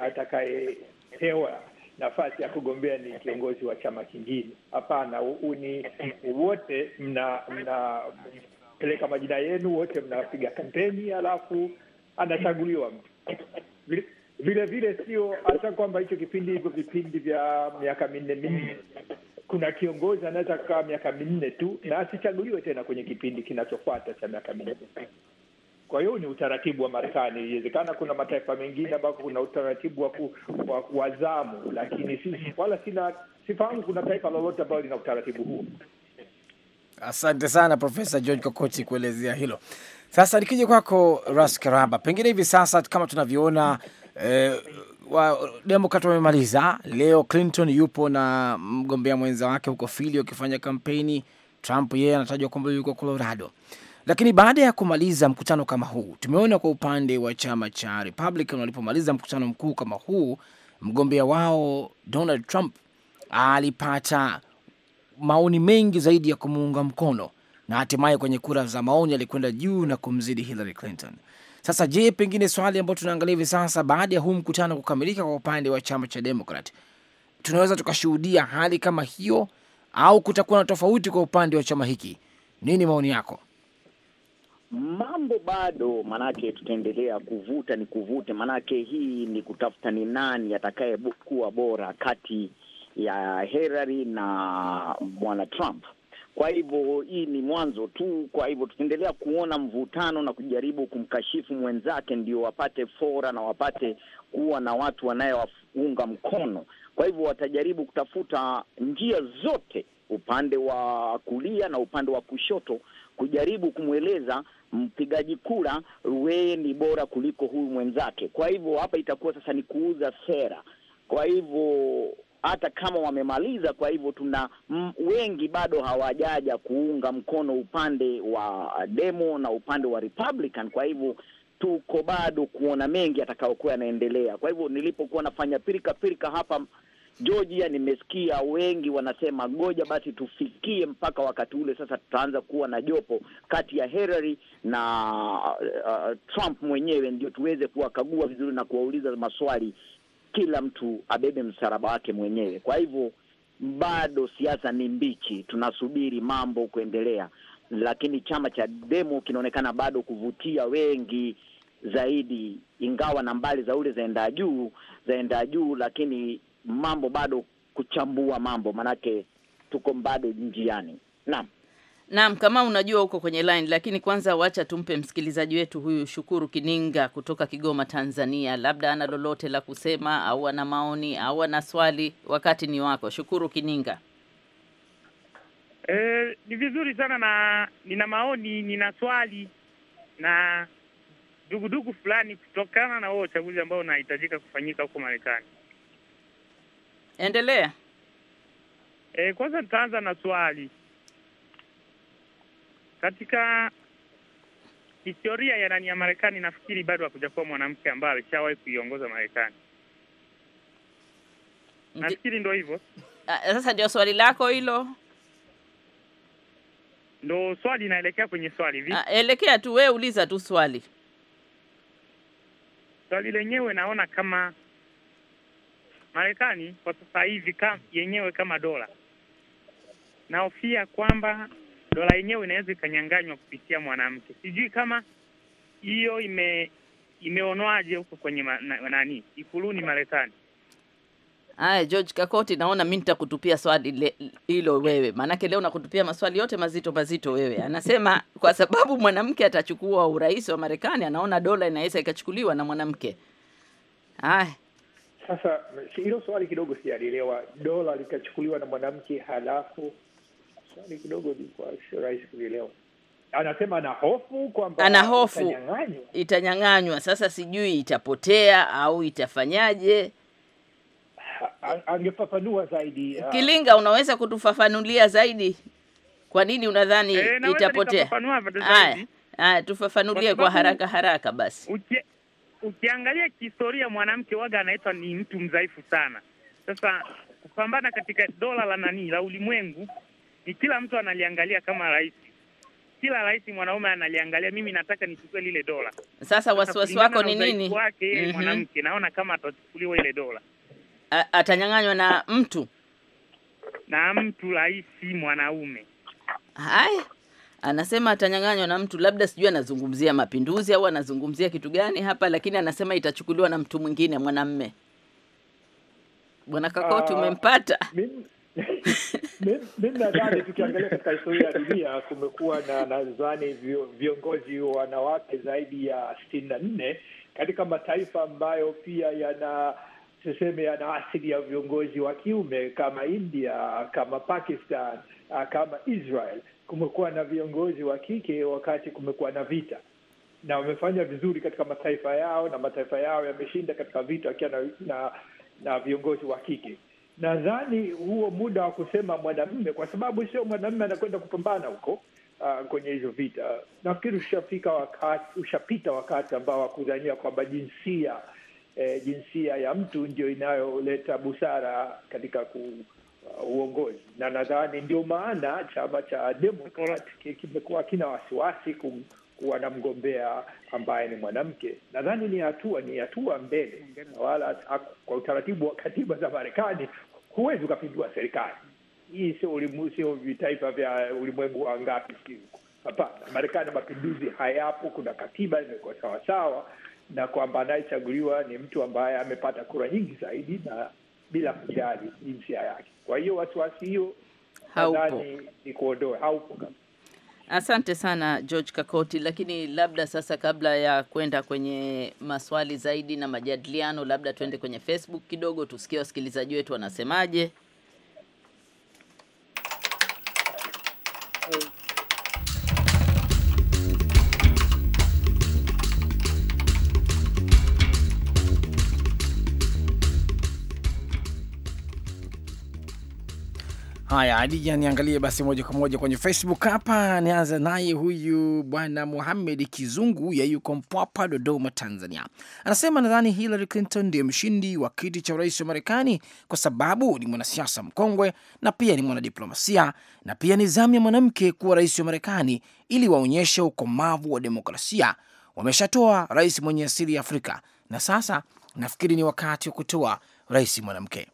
atakayepewa nafasi ya kugombea ni kiongozi wa chama kingine. Hapana, ni wote mna mnapeleka majina yenu, wote mnapiga kampeni, alafu anachaguliwa mtu vile vile, sio hata kwamba hicho kipindi, hivyo vipindi vya miaka minne minne, kuna kiongozi anaweza kukaa miaka minne tu na asichaguliwe tena kwenye kipindi kinachofuata cha miaka minne. Kwa hiyo ni utaratibu wa Marekani. Iwezekana kuna mataifa mengine ambapo kuna utaratibu wa, ku, wa, wa zamu, lakini sisi wala sina sifahamu kuna taifa lolote ambalo lina utaratibu huo. Asante sana Profesa George Kokoti kuelezea hilo. Sasa nikija kwako Ras Karaba, pengine hivi sasa kama tunavyoona Eh, wa, Demokrat wamemaliza leo. Clinton yupo na mgombea mwenza wake huko fili wakifanya kampeni. Trump yeye anatajwa kwamba yuko Colorado. Lakini baada ya kumaliza mkutano kama huu, tumeona kwa upande wa chama cha Republican walipomaliza mkutano mkuu kama huu, mgombea wao Donald Trump alipata maoni mengi zaidi ya kumuunga mkono na hatimaye kwenye kura za maoni alikwenda juu na kumzidi Hillary Clinton. Sasa je, pengine swali ambayo tunaangalia hivi sasa baada ya huu mkutano kukamilika, kwa upande wa chama cha Demokrat, tunaweza tukashuhudia hali kama hiyo au kutakuwa na tofauti kwa upande wa chama hiki? Nini maoni yako? Mambo bado, manake tutaendelea kuvuta ni kuvute, maanake hii ni kutafuta ni nani atakayekuwa bora kati ya Hillary na bwana Trump. Kwa hivyo hii ni mwanzo tu. Kwa hivyo tutaendelea kuona mvutano na kujaribu kumkashifu mwenzake, ndio wapate fora na wapate kuwa na watu wanayewaunga mkono. Kwa hivyo watajaribu kutafuta njia zote, upande wa kulia na upande wa kushoto, kujaribu kumweleza mpigaji kura, wewe ni bora kuliko huyu mwenzake. Kwa hivyo hapa itakuwa sasa ni kuuza sera. Kwa hivyo hata kama wamemaliza. Kwa hivyo tuna wengi bado hawajaja kuunga mkono upande wa demo na upande wa Republican. Kwa hivyo tuko bado kuona mengi atakayokuwa yanaendelea. Kwa hivyo nilipokuwa nafanya pirika pirika hapa Georgia, nimesikia wengi wanasema ngoja basi tufikie mpaka wakati ule, sasa tutaanza kuwa na jopo kati ya Hillary na uh, uh Trump mwenyewe, ndio tuweze kuwakagua vizuri na kuwauliza maswali kila mtu abebe msalaba wake mwenyewe. Kwa hivyo bado siasa ni mbichi, tunasubiri mambo kuendelea, lakini chama cha Demo kinaonekana bado kuvutia wengi zaidi, ingawa nambari za ule zaenda juu zaenda juu, lakini mambo bado kuchambua mambo, manake tuko bado njiani. Naam. Naam, kama unajua uko kwenye line, lakini kwanza wacha tumpe msikilizaji wetu huyu Shukuru Kininga kutoka Kigoma, Tanzania, labda ana lolote la kusema au ana maoni au ana swali. Wakati ni wako, Shukuru Kininga. E, ni vizuri sana na nina maoni, nina swali na dugudugu fulani kutokana na huo uchaguzi ambao unahitajika kufanyika huko Marekani. Endelea. E, kwanza nitaanza na swali katika historia ya ndani ya Marekani nafikiri bado hakuja kuwa mwanamke ambaye alishawahi kuiongoza Marekani. Nafikiri ndo hivyo. Sasa ndio swali lako hilo, ndo swali inaelekea kwenye swali vipi? Elekea tu we uliza tu swali. Swali lenyewe naona kama Marekani kwa sasa hivi kama yenyewe kama dola, naofia kwamba dola yenyewe inaweza ikanyanganywa kupitia mwanamke. Sijui kama hiyo ime- imeonwaje huko kwenye ma, na, nani Ikuluni Marekani. Haya, George Kakoti, naona mi nitakutupia swali hilo wewe, maanake leo nakutupia maswali yote mazito mazito wewe. Anasema kwa sababu mwanamke atachukua urais wa Marekani, anaona dola inaweza ikachukuliwa na mwanamke. Haya, sasa hilo swali kidogo sijalielewa, dola likachukuliwa na mwanamke halafu swali kidogo lilikuwa sio rahisi kulielewa. Anasema ana hofu kwamba ana hofu itanyang'anywa. Sasa sijui itapotea au itafanyaje. Angefafanua zaidi uh, Kilinga, unaweza kutufafanulia zaidi kwa nini unadhani e, itapotea? Haya, haya, tufafanulie kwa haraka haraka basi. ukiangalia kihistoria mwanamke waga anaitwa ni mtu mdhaifu sana. Sasa kupambana katika dola la nani la ulimwengu ni kila mtu analiangalia kama rais, kila rais mwanaume analiangalia, mimi nataka nichukue lile dola. Sasa wasiwasi wako ni nini? wake mm -hmm. Mwanamke naona kama atachukuliwa ile dola, atanyang'anywa na mtu na mtu rais mwanaume. Hai, anasema atanyang'anywa na mtu, labda sijui anazungumzia mapinduzi au anazungumzia kitu gani hapa, lakini anasema itachukuliwa na mtu mwingine mwanamme. Bwana Kakoti, ah, umempata uh, mimi nadhani tukiangalia katika historia ya dunia kumekuwa na nadhani viongozi wanawake zaidi ya sitini na nne katika mataifa ambayo pia yana tuseme yana asili ya viongozi wa kiume kama India, kama Pakistan, kama Israel. Kumekuwa na viongozi wa kike wakati kumekuwa na vita, na wamefanya vizuri katika mataifa yao, na mataifa yao yameshinda katika vita wakiwa na, na, na viongozi wa kike nadhani huo muda wa kusema mwanamme kwa sababu sio mwanamme anakwenda kupambana huko uh, kwenye hizo vita. Nafikiri ushafika wakati, ushapita wakati ambao wakudhania kwamba jinsia eh, jinsia ya mtu ndio inayoleta busara katika ku uh, uongozi na nadhani ndio maana chama cha Demokrat kimekuwa kina wasiwasi ku, kuwa na mgombea ambaye ni mwanamke. Nadhani ni hatua ni hatua mbele, wala kwa utaratibu wa katiba za Marekani huwezi ukapindua serikali hii. Sio ulimu, sio vitaifa vya ulimwengu wa ngapi siku Hapana, Marekani mapinduzi hayapo. Kuna katiba imekuwa sawasawa, na kwamba anayechaguliwa ni mtu ambaye amepata kura nyingi zaidi na bila kujali jinsia yake. Kwa hiyo wasiwasi hiyo nadhani ni kuondoa, haupo kabisa. Asante sana George Kakoti, lakini labda sasa, kabla ya kwenda kwenye maswali zaidi na majadiliano, labda tuende kwenye Facebook kidogo, tusikie wasikilizaji wetu wanasemaje. Haya, Adija, niangalie basi moja kwa moja kwenye Facebook hapa. Nianze naye huyu bwana Muhamed Kizungu ya yuko Mpwapa, Dodoma, Tanzania, anasema nadhani Hillary Clinton ndiye mshindi wa kiti cha urais wa Marekani kwa sababu ni mwanasiasa mkongwe na pia ni mwanadiplomasia na pia ni zamu ya mwanamke kuwa rais wa Marekani ili waonyeshe ukomavu wa demokrasia. Wameshatoa rais mwenye asili ya Afrika na sasa nafikiri ni wakati wa kutoa rais mwanamke.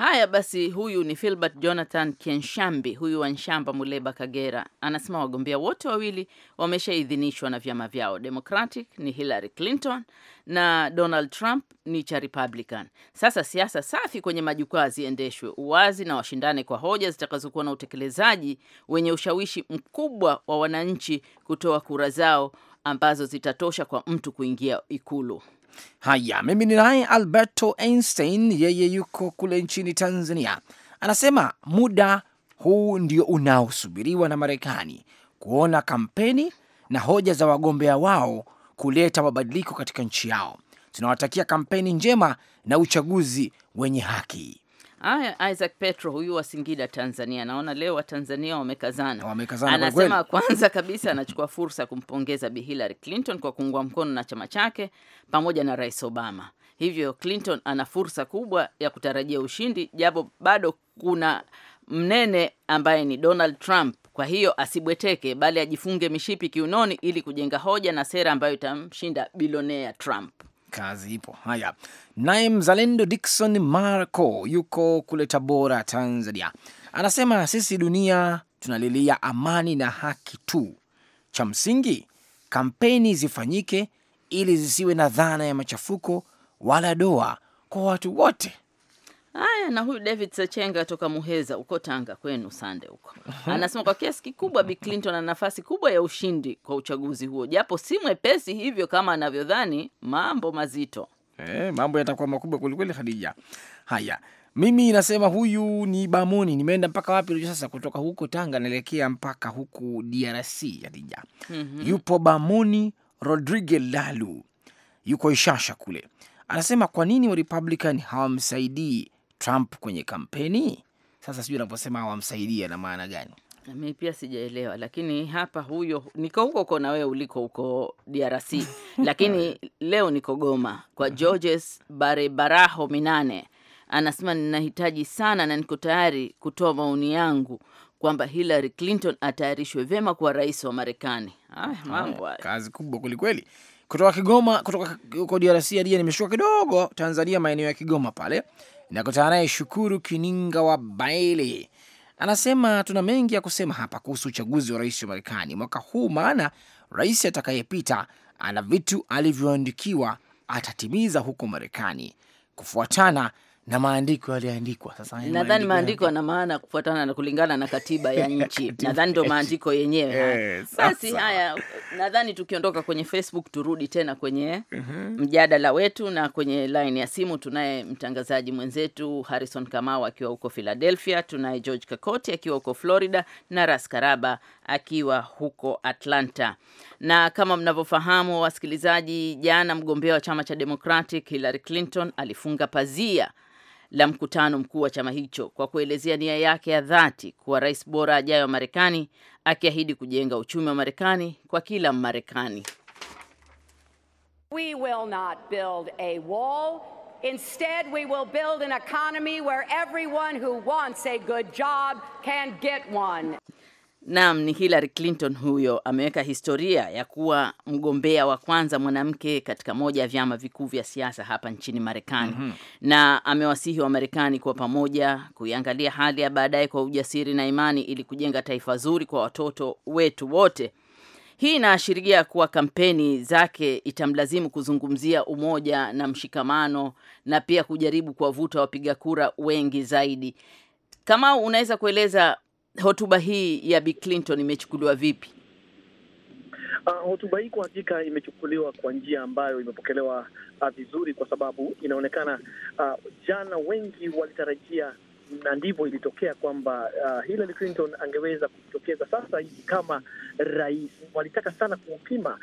Haya basi, huyu ni Filbert Jonathan Kenshambi, huyu wa Nshamba, Muleba, Kagera, anasema wagombea wote wawili wameshaidhinishwa na vyama vyao. Democratic ni Hillary Clinton na Donald Trump ni cha Republican. Sasa siasa safi kwenye majukwaa ziendeshwe uwazi na washindane kwa hoja zitakazokuwa na utekelezaji wenye ushawishi mkubwa wa wananchi kutoa kura zao ambazo zitatosha kwa mtu kuingia Ikulu. Haya, mimi ni naye Alberto Einstein, yeye yuko kule nchini Tanzania, anasema muda huu ndio unaosubiriwa na Marekani kuona kampeni na hoja za wagombea wao kuleta mabadiliko katika nchi yao. Tunawatakia kampeni njema na uchaguzi wenye haki. Aya, Isaac Petro huyu wa Singida Tanzania, naona leo Watanzania wamekazana, wamekazana. Anasema kwanza kabisa anachukua fursa ya kumpongeza Bi Hillary Clinton kwa kuungwa mkono na chama chake pamoja na Rais Obama. Hivyo Clinton ana fursa kubwa ya kutarajia ushindi, japo bado kuna mnene ambaye ni Donald Trump. Kwa hiyo asibweteke, bali ajifunge mishipi kiunoni ili kujenga hoja na sera ambayo itamshinda bilionea Trump kazi ipo. Haya, naye mzalendo dikson Marco yuko kule Tabora, Tanzania, anasema sisi dunia tunalilia amani na haki tu. Cha msingi kampeni zifanyike ili zisiwe na dhana ya machafuko wala doa kwa watu wote Haya, na huyu David Sachenga toka Muheza huko Tanga kwenu Sande huko anasema kwa kiasi kikubwa Bi Clinton ana nafasi kubwa ya ushindi kwa uchaguzi huo, japo si mwepesi hivyo kama anavyodhani. Mambo mazito eh, mambo yatakuwa makubwa kwelikweli, Khadija. Haya, mimi nasema huyu ni Bamuni. Nimeenda mpaka wapi sasa? Kutoka huko Tanga naelekea mpaka huku DRC, Khadija. mm -hmm. Yupo Bamuni Rodrigue Lalu, yuko Ishasha kule, anasema kwa nini wa Republican hawamsaidii Trump kwenye kampeni. Sasa sijui anavyosema wamsaidia na maana gani? Mi pia sijaelewa, lakini hapa huyo niko huko huko na wewe uliko huko DRC lakini leo niko Goma kwa mm-hmm. Georges Barebaraho Minane, anasema ninahitaji sana na niko tayari kutoa maoni yangu kwamba Hillary Clinton atayarishwe vyema kuwa rais wa Marekani. Ah, mambo kazi kubwa kwelikweli. Kutoka Kigoma, kutoka huko DRC, nimeshuka kidogo Tanzania, maeneo ya Kigoma pale Inakutana naye Shukuru Kininga wa baili anasema tuna mengi ya kusema hapa kuhusu uchaguzi wa rais wa Marekani mwaka huu, maana rais atakayepita ana vitu alivyoandikiwa atatimiza huko Marekani kufuatana na maandiko yaliandikwa. Sasa nadhani maandiko yana maana kufuatana na kulingana na katiba ya nchi nadhani ndo maandiko yenyewe yes. Eh, Basi haya, nadhani tukiondoka kwenye Facebook turudi tena kwenye mm -hmm. mjadala wetu, na kwenye line ya simu tunaye mtangazaji mwenzetu Harrison Kamau akiwa huko Philadelphia, tunaye George Kakoti akiwa huko Florida na Ras Karaba akiwa huko Atlanta. Na kama mnavyofahamu wasikilizaji, jana mgombea wa chama cha Democratic Hillary Clinton alifunga pazia la mkutano mkuu wa chama hicho kwa kuelezea nia yake ya dhati kuwa rais bora ajaye wa Marekani, akiahidi kujenga uchumi wa Marekani kwa kila Mmarekani. We will not build a wall. Instead, we will build an economy where everyone who wants a good job can get one. Naam, ni Hillary Clinton huyo, ameweka historia ya kuwa mgombea wa kwanza mwanamke katika moja ya vyama vikuu vya siasa hapa nchini Marekani. mm -hmm. Na amewasihi wa Marekani kwa pamoja kuiangalia hali ya baadaye kwa ujasiri na imani ili kujenga taifa zuri kwa watoto wetu wote. Hii inaashiria kuwa kampeni zake itamlazimu kuzungumzia umoja na mshikamano na pia kujaribu kuwavuta wapiga kura wengi zaidi. Kama unaweza kueleza hotuba hii ya Bi Clinton imechukuliwa vipi? Uh, hotuba hii kwa hakika imechukuliwa kwa njia ambayo imepokelewa uh, vizuri, kwa sababu inaonekana uh, jana wengi walitarajia na ndivyo ilitokea kwamba uh, Hillary Clinton angeweza kujitokeza sasa hivi kama rais. Walitaka sana kuupima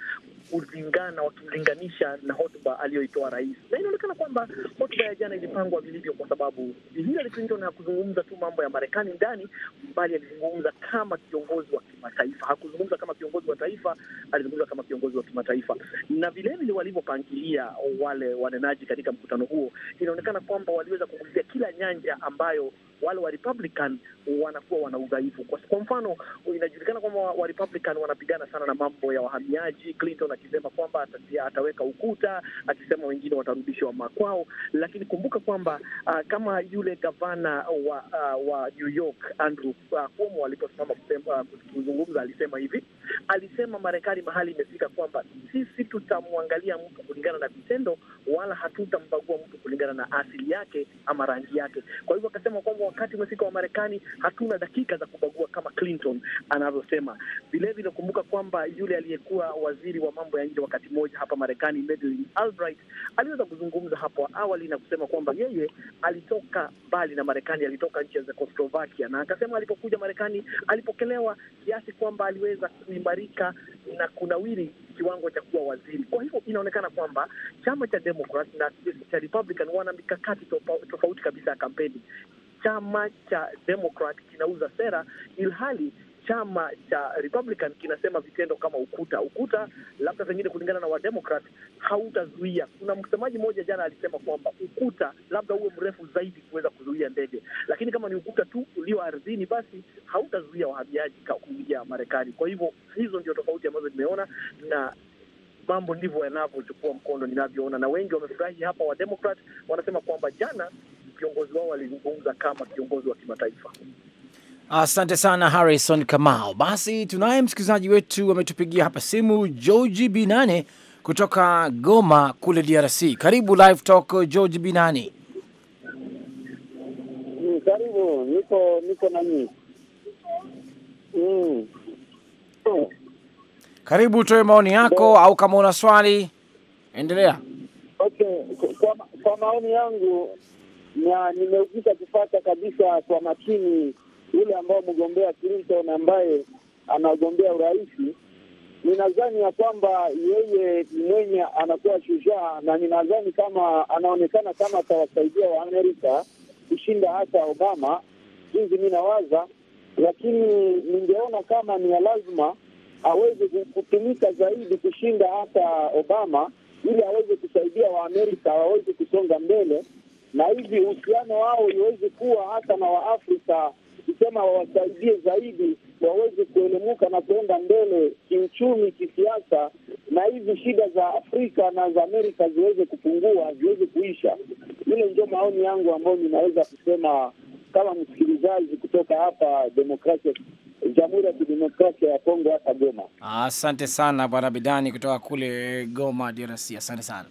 kulingana, wakimlinganisha na hotuba aliyoitoa rais, na inaonekana kwamba hotuba ya jana ilipangwa vilivyo, kwa sababu Hillary Clinton hakuzungumza tu mambo ya Marekani ndani, bali alizungumza kama kiongozi wa kimataifa. Hakuzungumza kama kiongozi wa taifa, alizungumza kama kiongozi wa kimataifa. Na vilevile walivyopangilia wale wanenaji katika mkutano huo, inaonekana kwamba waliweza kugusia kila nyanja ambayo wale wa Republican wanakuwa wana udhaifu. Kwa mfano, inajulikana kwamba wa Republican wanapigana sana na mambo ya wahamiaji, Clinton akisema kwamba ataweka ukuta, akisema wengine watarudishwa makwao. Lakini kumbuka kwamba uh, kama yule gavana wa uh, wa New York Andrew uh, Cuomo aliposimama uh, kuzungumza, uh, alisema hivi alisema Marekani mahali imefika kwamba sisi tutamwangalia mtu kulingana na vitendo, wala hatutambagua mtu kulingana na asili yake ama rangi yake. Kwa hivyo akasema kwamba wakati umefika wa Marekani, hatuna dakika za kubagua kama Clinton anavyosema. Vilevile kumbuka kwamba yule aliyekuwa waziri wa mambo ya nje wakati mmoja hapa Marekani, Madeleine Albright, aliweza kuzungumza hapo awali na kusema kwamba yeye alitoka mbali na Marekani, alitoka nchi ya Czechoslovakia, na akasema alipokuja Marekani alipokelewa kiasi kwamba aliweza kuimarika na kunawiri kiwango cha kuwa waziri. Kwa hivyo inaonekana kwamba chama cha Democrat na cha Republican wana mikakati tofauti kabisa ya kampeni. Chama cha Democrat kinauza sera ilhali chama cha Republican kinasema vitendo kama ukuta ukuta, labda pengine kulingana na Wademokrat hautazuia. Kuna msemaji mmoja jana alisema kwamba ukuta labda uwe mrefu zaidi kuweza kuzuia ndege, lakini kama ni ukuta tu ulio ardhini, basi hautazuia wahamiaji kuingia Marekani. Kwa hivyo hizo ndio tofauti ambazo nimeona na mambo ndivyo yanavyochukua mkondo ninavyoona, na wengi wamefurahi hapa. Wademokrat wanasema kwamba jana viongozi wao walizungumza kama kiongozi wa kimataifa. Asante sana Harrison Kamao. Basi tunaye msikilizaji wetu ametupigia hapa simu, George Binane kutoka Goma kule DRC. Karibu Live Talk George Binane. Mm, karibu. Niko niko nani? Mm. Karibu utoe maoni yako Be, au kama una swali endelea. Okay, kwa, kwa maoni yangu na kupata kabisa kwa makini yule ambao mgombea Clinton ambaye anagombea urais, ninadhani ya kwamba yeye mwenye anakuwa shujaa, na ninadhani kama anaonekana kama atawasaidia Waamerika kushinda hata Obama, jinsi mi nawaza, lakini ningeona kama ni lazima aweze kutumika zaidi kushinda hata Obama ili aweze kusaidia Waamerika waweze kusonga mbele na hivi uhusiano wao iweze kuwa hata na Waafrika kusema wawasaidie zaidi waweze kuelemuka na kuenda mbele kiuchumi, kisiasa, na hizi shida za Afrika na za Amerika ziweze kupungua, ziweze kuisha. ile ndio maoni yangu ambayo ninaweza kusema kama msikilizaji kutoka hapa demokrasia Jamhuri ya Kidemokrasia ya Kongo, hata Goma. Asante sana Bwana Bidani kutoka kule Goma, DRC. Asante sana.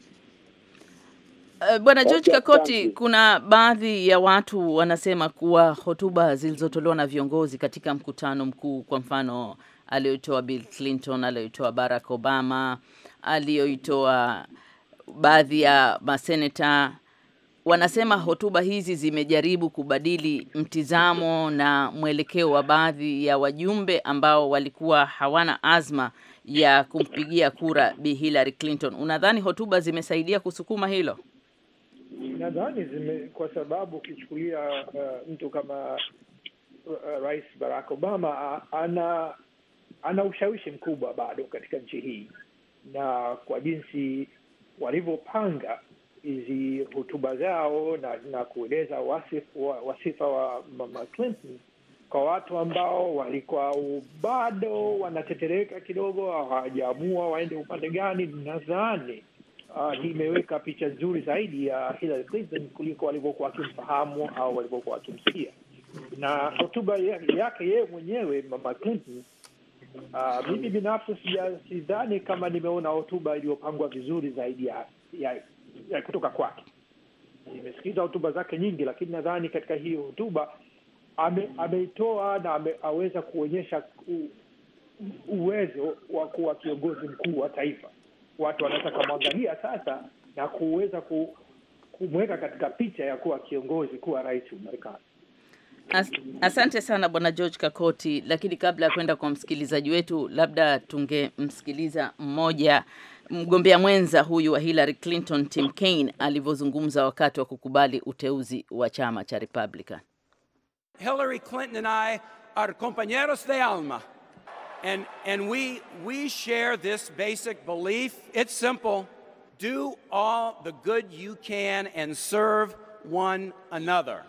Eh, Bwana George Kakoti, kuna baadhi ya watu wanasema kuwa hotuba zilizotolewa na viongozi katika mkutano mkuu, kwa mfano aliyoitoa Bill Clinton, aliyoitoa Barack Obama, aliyoitoa baadhi ya maseneta, wanasema hotuba hizi zimejaribu kubadili mtizamo na mwelekeo wa baadhi ya wajumbe ambao walikuwa hawana azma ya kumpigia kura Bi Hillary Clinton. Unadhani hotuba zimesaidia kusukuma hilo? nadhani zime, kwa sababu ukichukulia uh, mtu kama uh, Rais Barack Obama ana ana ushawishi mkubwa bado katika nchi hii, na kwa jinsi walivyopanga hizi hotuba zao na, na kueleza wasifu, wasifa wa mama Clinton kwa watu ambao walikuwa bado wanatetereka kidogo, hawajaamua waende upande gani, nadhani uh, ah, imeweka picha nzuri zaidi ya Hillary Clinton kuliko walivyokuwa wakimfahamu au walivyokuwa wakimsikia. Na hotuba yake yeye mwenyewe mama Clinton, uh, mimi binafsi sidhani kama nimeona hotuba iliyopangwa vizuri zaidi ya, ya, ya kutoka kwake. Nimesikiza hotuba zake nyingi, lakini nadhani katika hii hotuba ameitoa ame na ame, aweza kuonyesha uwezo wa kuwa kiongozi mkuu wa taifa watu wanaweza kumwangalia sasa na kuweza ku, kumweka katika picha ya kuwa kiongozi, kuwa rais wa Marekani. As, asante sana Bwana George Kakoti, lakini kabla ya kwenda kwa msikilizaji wetu, labda tungemsikiliza mmoja mgombea mwenza huyu wa Hillary Clinton, Tim Kaine alivyozungumza wakati wa kukubali uteuzi wa chama cha Republican. Hillary Clinton and I are compañeros de alma And, and we, we share this basic belief. It's simple do all the good you can and serve one another.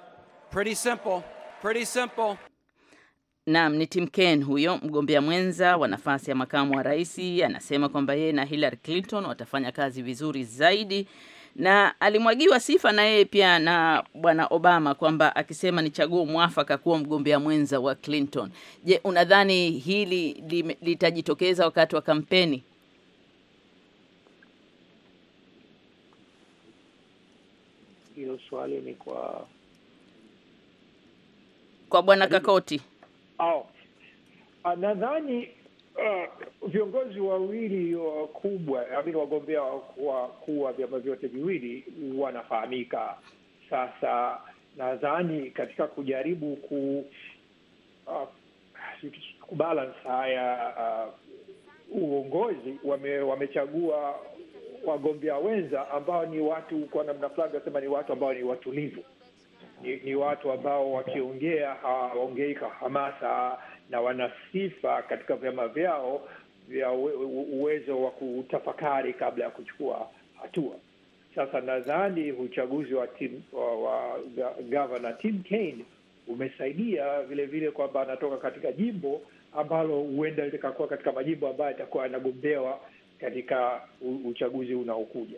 Pretty simple, pretty simple. Naam, ni Tim Kaine huyo mgombea mwenza wa nafasi ya makamu wa rais, anasema kwamba yeye na Hillary Clinton watafanya kazi vizuri zaidi na alimwagiwa sifa na yeye pia na bwana Obama kwamba akisema ni chaguo mwafaka kuwa mgombea mwenza wa Clinton. Je, unadhani hili litajitokeza wakati wa kampeni? Hilo swali ni kwa kwa bwana Kakoti. Oh. Nadhani Uh, viongozi wawili wakubwa, amini wagombea wakuu wa vyama vyote viwili wanafahamika. Sasa nadhani katika kujaribu ku uh, ah, kubalance haya uh, uongozi wame, wamechagua wagombea wenza ambao ni watu kwa namna fulani wanasema ni watu ambao ni watulivu, ni, ni watu ambao wakiongea hawaongei kwa hamasa na wana sifa katika vyama vyao vya uwezo wa kutafakari kabla ya kuchukua hatua. Sasa nadhani uchaguzi wa Tim, wa, wa gavana Tim Kaine umesaidia vilevile kwamba anatoka katika jimbo ambalo huenda likakuwa katika majimbo ambayo atakuwa anagombewa katika uchaguzi unaokuja.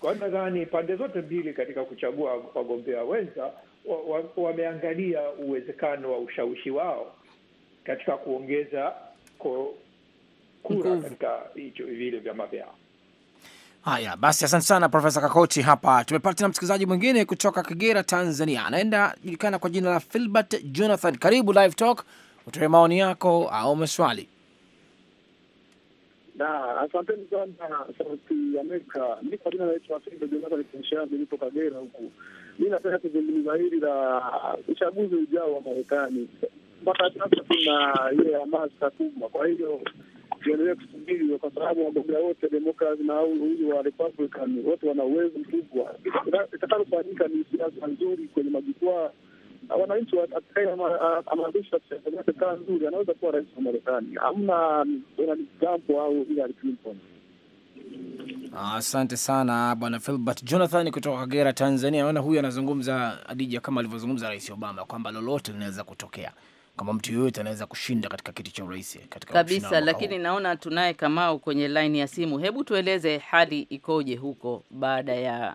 Kwa hiyo nadhani pande zote mbili katika kuchagua wagombea wenza wameangalia wa, wa uwezekano wa ushawishi wao katika kuongeza kura katika hicho vile vyama vyao. Haya basi, asante sana Profesa Kakoti. Hapa tumepata na msikilizaji mwingine kutoka Kagera, Tanzania, anaenda julikana kwa jina la Filbert Jonathan. Karibu Live Talk, utoe maoni yako au maswali. Na asanteni sana Sauti ya Amerika. Mi kwa jina naitwa Filbert Jonathan Kinshambi, nipo Kagera huku. Mi napenda kuzungumza hili la uchaguzi ujao wa Marekani mpaka sasa kuna ile hamasa kubwa. Kwa hivyo tuendelee kusubiri, kwa sababu wagombea wote Democrats na huyu wa Republican wote wana uwezo mkubwa. Itakalofanyika ni siasa nzuri kwenye majukwaa wananchi amaanzisha serikali nzuri, anaweza kuwa rais wa Marekani. Hamna Donald Trump au Hillary Clinton. Asante sana bwana Filbert Jonathan kutoka Kagera, Tanzania. Naona huyu anazungumza Adija kama alivyozungumza Rais Obama kwamba lolote linaweza kutokea kama mtu yoyote anaweza kushinda katika kiti cha urais kabisa. Lakini naona tunaye Kamau kwenye laini ya simu. Hebu tueleze hali ikoje huko baada ya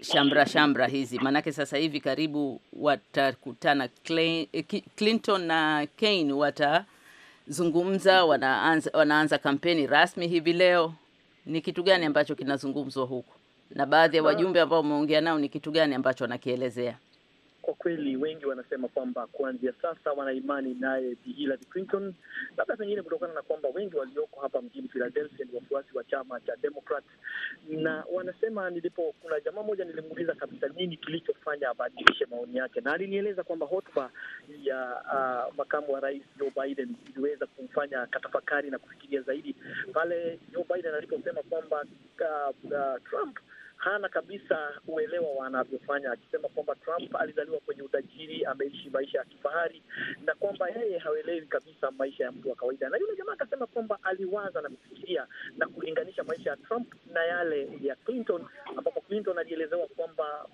shamra shamra hizi, maanake sasa hivi karibu watakutana eh, Clinton na Kane watazungumza, wanaanza, wanaanza kampeni rasmi hivi leo. Ni kitu gani ambacho kinazungumzwa huko, na baadhi ya wajumbe ambao umeongea nao, ni kitu gani ambacho wanakielezea? kwa kweli wengi wanasema kwamba kuanzia sasa wanaimani naye Bi Hillary Clinton, labda pengine kutokana na kwamba wengi walioko hapa mjini Philadelphia ni wafuasi wa chama cha Democrat, na wanasema nilipo, kuna jamaa moja nilimuuliza kabisa nini kilichofanya abadilishe maoni yake, na alinieleza kwamba hotuba ya uh, makamu wa rais Joe Biden iliweza kumfanya katafakari na kufikiria zaidi pale Joe Biden aliposema kwamba uh, uh, Trump hana kabisa uelewa wa anavyofanya, akisema kwamba Trump alizaliwa kwenye utajiri, ameishi maisha ya kifahari na kwamba yeye hawelewi kabisa maisha ya mtu wa kawaida. Na yule jamaa akasema kwamba aliwaza na kufikiria na kulinganisha maisha ya Trump na yale ya Clinton, ambapo Clinton alielezewa kwamba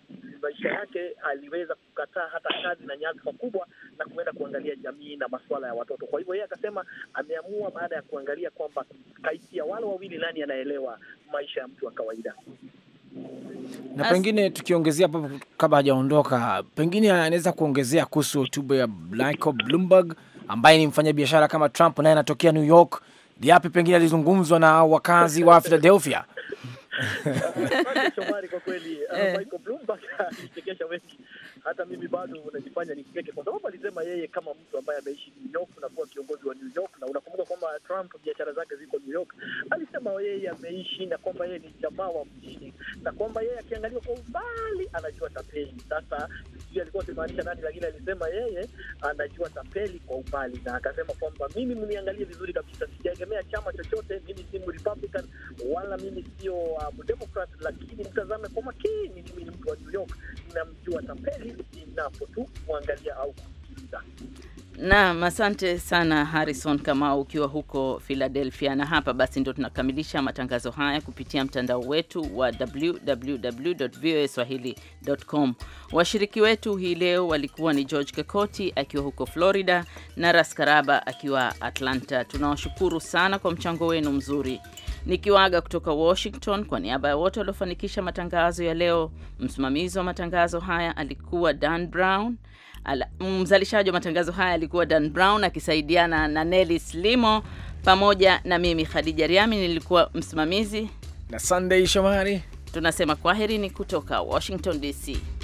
maisha yake aliweza kukataa hata kazi na nyadhifa kubwa na kuenda kuangalia jamii na masuala ya watoto. Kwa hivyo yeye akasema ameamua baada ya kuangalia kwamba kati wale wawili nani anaelewa maisha ya mtu wa kawaida na pengine tukiongezea hapo kabla hajaondoka, pengine anaweza kuongezea kuhusu hotuba ya Michael Bloomberg ambaye ni mfanyabiashara kama Trump, naye anatokea New York. Ni Yapi pengine alizungumzwa na wakazi wa Philadelphia? Shomari, kwa kweli uh, eh. Michael Bloomberg alichekesha wengi, hata mimi bado unajifanya nicheke, kwa sababu alisema yeye kama mtu ambaye ameishi New York na kuwa kiongozi wa New York Trump biashara zake ziko New York, alisema yeye ameishi na kwamba yeye ni jamaa wa mjini na kwamba yeye akiangalia kwa umbali anajua tapeli. Sasa sijui alikuwa akimaanisha nani, lakini alisema yeye anajua tapeli kwa umbali, na akasema kwamba mimi mniangalie vizuri kabisa, sijaegemea chama chochote, mimi si Republican wala mimi sio uh, Democrat, lakini mtazame kwa makini, mimi ni mtu wa New York, namjua tapeli inapo tu kuangalia au kusikiliza. Naam, asante sana Harrison Kamau, ukiwa huko Philadelphia. Na hapa basi ndo tunakamilisha matangazo haya kupitia mtandao wetu wa www.voaswahili.com. Washiriki wetu hii leo walikuwa ni George Kekoti akiwa huko Florida na Raskaraba akiwa Atlanta. Tunawashukuru sana kwa mchango wenu mzuri. Nikiwaaga kutoka Washington kwa niaba ya wote waliofanikisha matangazo ya leo, msimamizi wa matangazo haya alikuwa Dan Brown. Mzalishaji wa matangazo haya alikuwa Dan Brown akisaidiana na Nelly Slimo pamoja na mimi Khadija Riami nilikuwa msimamizi na Sunday Shomari. Tunasema kwaherini kutoka Washington DC.